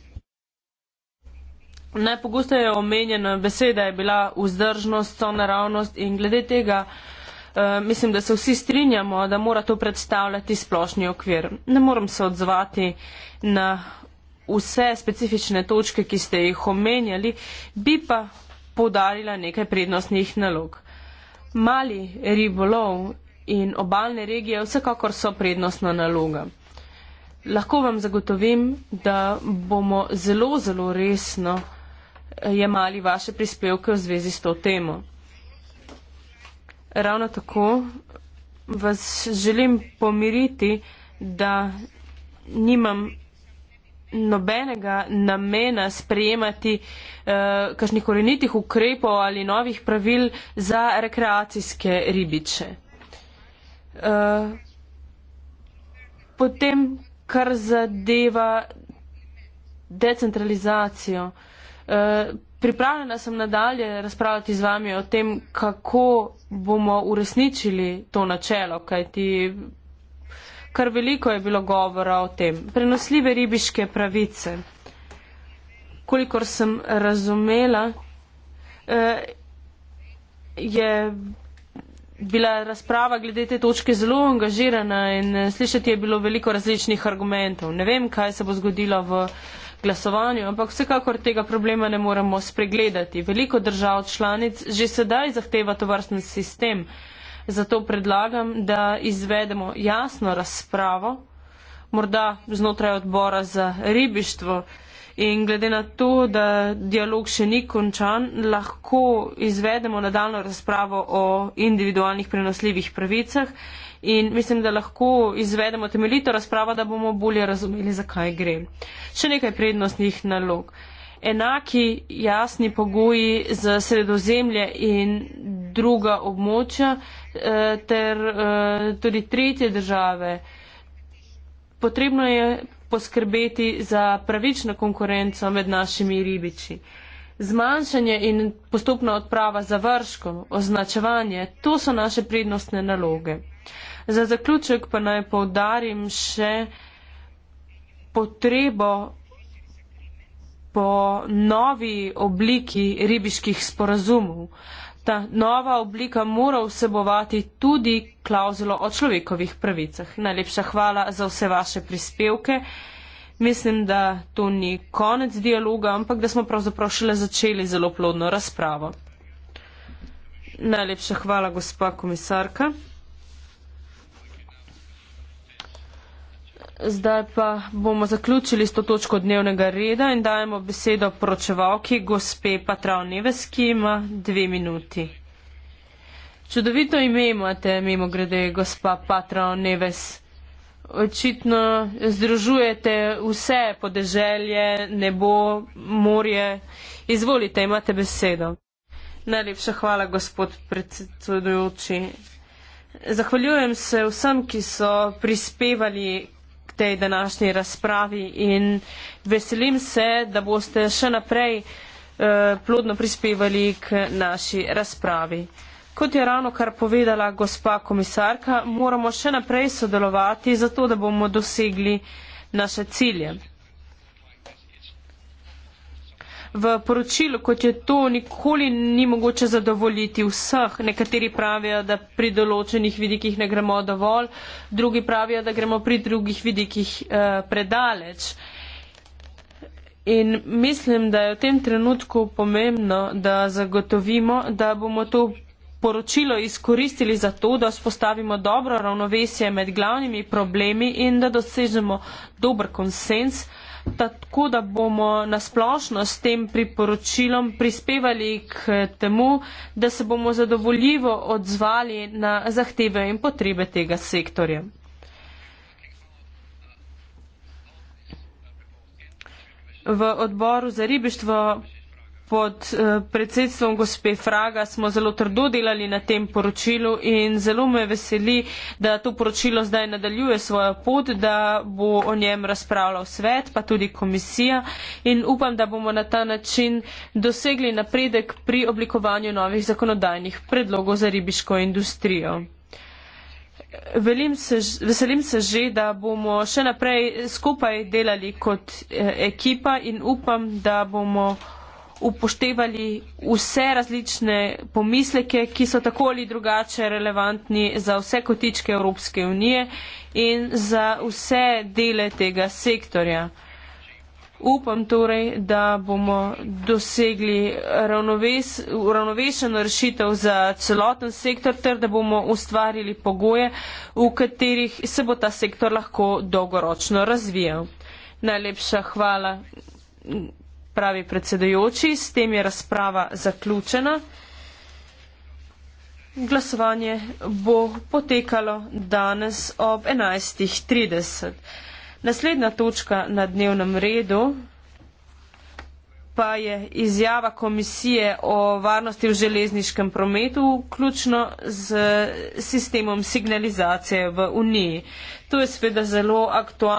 Najpogosteje omenjena beseda je bila vzdržnost, sonaravnost in glede tega eh, mislim, da se vsi strinjamo, da mora to predstavljati splošni okvir. Ne moram se odzvati na vse specifične točke, ki ste jih omenjali, bi pa podarila nekaj prednostnih nalog. Mali ribolov in obalne regije vsekakor so prednostna naloga. Lahko vam zagotovim, da bomo zelo, zelo resno jemali vaše prispevke v zvezi s to temo. Ravno tako vas želim pomiriti, da nimam nobenega namena sprejemati eh, kakšnih korenitih ukrepov ali novih pravil za rekreacijske ribiče. Eh, potem, kar zadeva decentralizacijo. Eh, pripravljena sem nadalje razpravljati z vami o tem, kako bomo uresničili to načelo, kajti kar veliko je bilo govora o tem. Prenosljive ribiške pravice. Kolikor sem razumela, eh, je bila razprava glede te točke zelo angažirana in eh, slišati je bilo veliko različnih argumentov. Ne vem, kaj se bo zgodilo v glasovanju, ampak vsekakor tega problema ne moremo spregledati. Veliko držav članic že sedaj zahteva to vrstni sistem. Uh, Zato predlagam, da izvedemo jasno razpravo, morda znotraj odbora za ribištvo. In glede na to, da dialog še ni končan, lahko izvedemo nadaljno razpravo o individualnih prenosljivih pravicah in mislim, da lahko izvedemo temeljito razpravo, da bomo bolje razumeli, zakaj gre. Še nekaj prednostnih nalog. Uh, enaki jasni pogoji za sredozemlje in druga območja eh, ter eh, tudi tretje države. Potrebno je poskrbeti za pravično konkurenco med našimi ribiči. Zmanjšanje in postopna odprava završkov, označevanje, to so naše prednostne naloge. Za zaključek pa naj povdarim še potrebo po novi obliki ribiških sporazumov. Ta nova oblika mora vsebovati tudi klauzulo o človekovih pravicah. Najlepša hvala za vse vaše prispevke. Mislim, da to ni konec dialoga, ampak da smo pravzaprav šele začeli zelo plodno razpravo. Najlepša hvala, gospa komisarka. Zdaj pa bomo zaključili s to točko dnevnega reda in dajemo besedo poročevalki gospe Patrao Neves, ki ima dve minuti. Čudovito ime imate, mimo grede, gospa Patrao Neves. Očitno združujete vse podeželje, nebo, morje. Izvolite, imate besedo. Najlepša hvala, gospod predsedujoči. Zahvaljujem se vsem, ki so prispevali tej današnji razpravi in veselim se, da boste še naprej eh, plodno prispevali k naši razpravi. Kot je ravno kar povedala gospa komisarka, moramo še naprej sodelovati, zato da bomo dosegli naše cilje v poročilu, kot je to, nikoli ni mogoče zadovoljiti vseh. Nekateri pravijo, da pri določenih vidikih ne gremo dovolj, drugi pravijo, da gremo pri drugih vidikih eh, predaleč. In mislim, da je v tem trenutku pomembno, da zagotovimo, da bomo to poročilo izkoristili za to, da spostavimo dobro ravnovesje med glavnimi problemi in da dosežemo dober konsens tako da bomo nasplošno s tem priporočilom prispevali k temu, da se bomo zadovoljivo odzvali na zahteve in potrebe tega sektorja. V odboru za ribištvo pod eh, predsedstvom gospe Fraga smo zelo trdo delali na tem poročilu in zelo me veseli, da to poročilo zdaj nadaljuje svojo pot, da bo o njem razpravljal svet, pa tudi komisija in upam, da bomo na ta način dosegli napredek pri oblikovanju novih zakonodajnih predlogov za ribiško industrijo. Se, veselim se že, da bomo še naprej skupaj delali kot eh, ekipa in upam, da bomo upoštevali vse različne pomisleke, ki so tako ali drugače relevantni za vse kotičke Evropske unije in za vse dele tega sektorja. Upam torej, da bomo dosegli uravnovešeno rešitev za celoten sektor ter da bomo ustvarili pogoje, v katerih se bo ta sektor lahko dolgoročno razvijal. Najlepša hvala pravi predsedajoči. S tem je razprava zaključena. Glasovanje bo potekalo danes ob 11.30. Naslednja točka na dnevnem redu pa je izjava komisije o varnosti v železniškem prometu, vključno z sistemom signalizacije v Uniji. To je sveda zelo aktualno.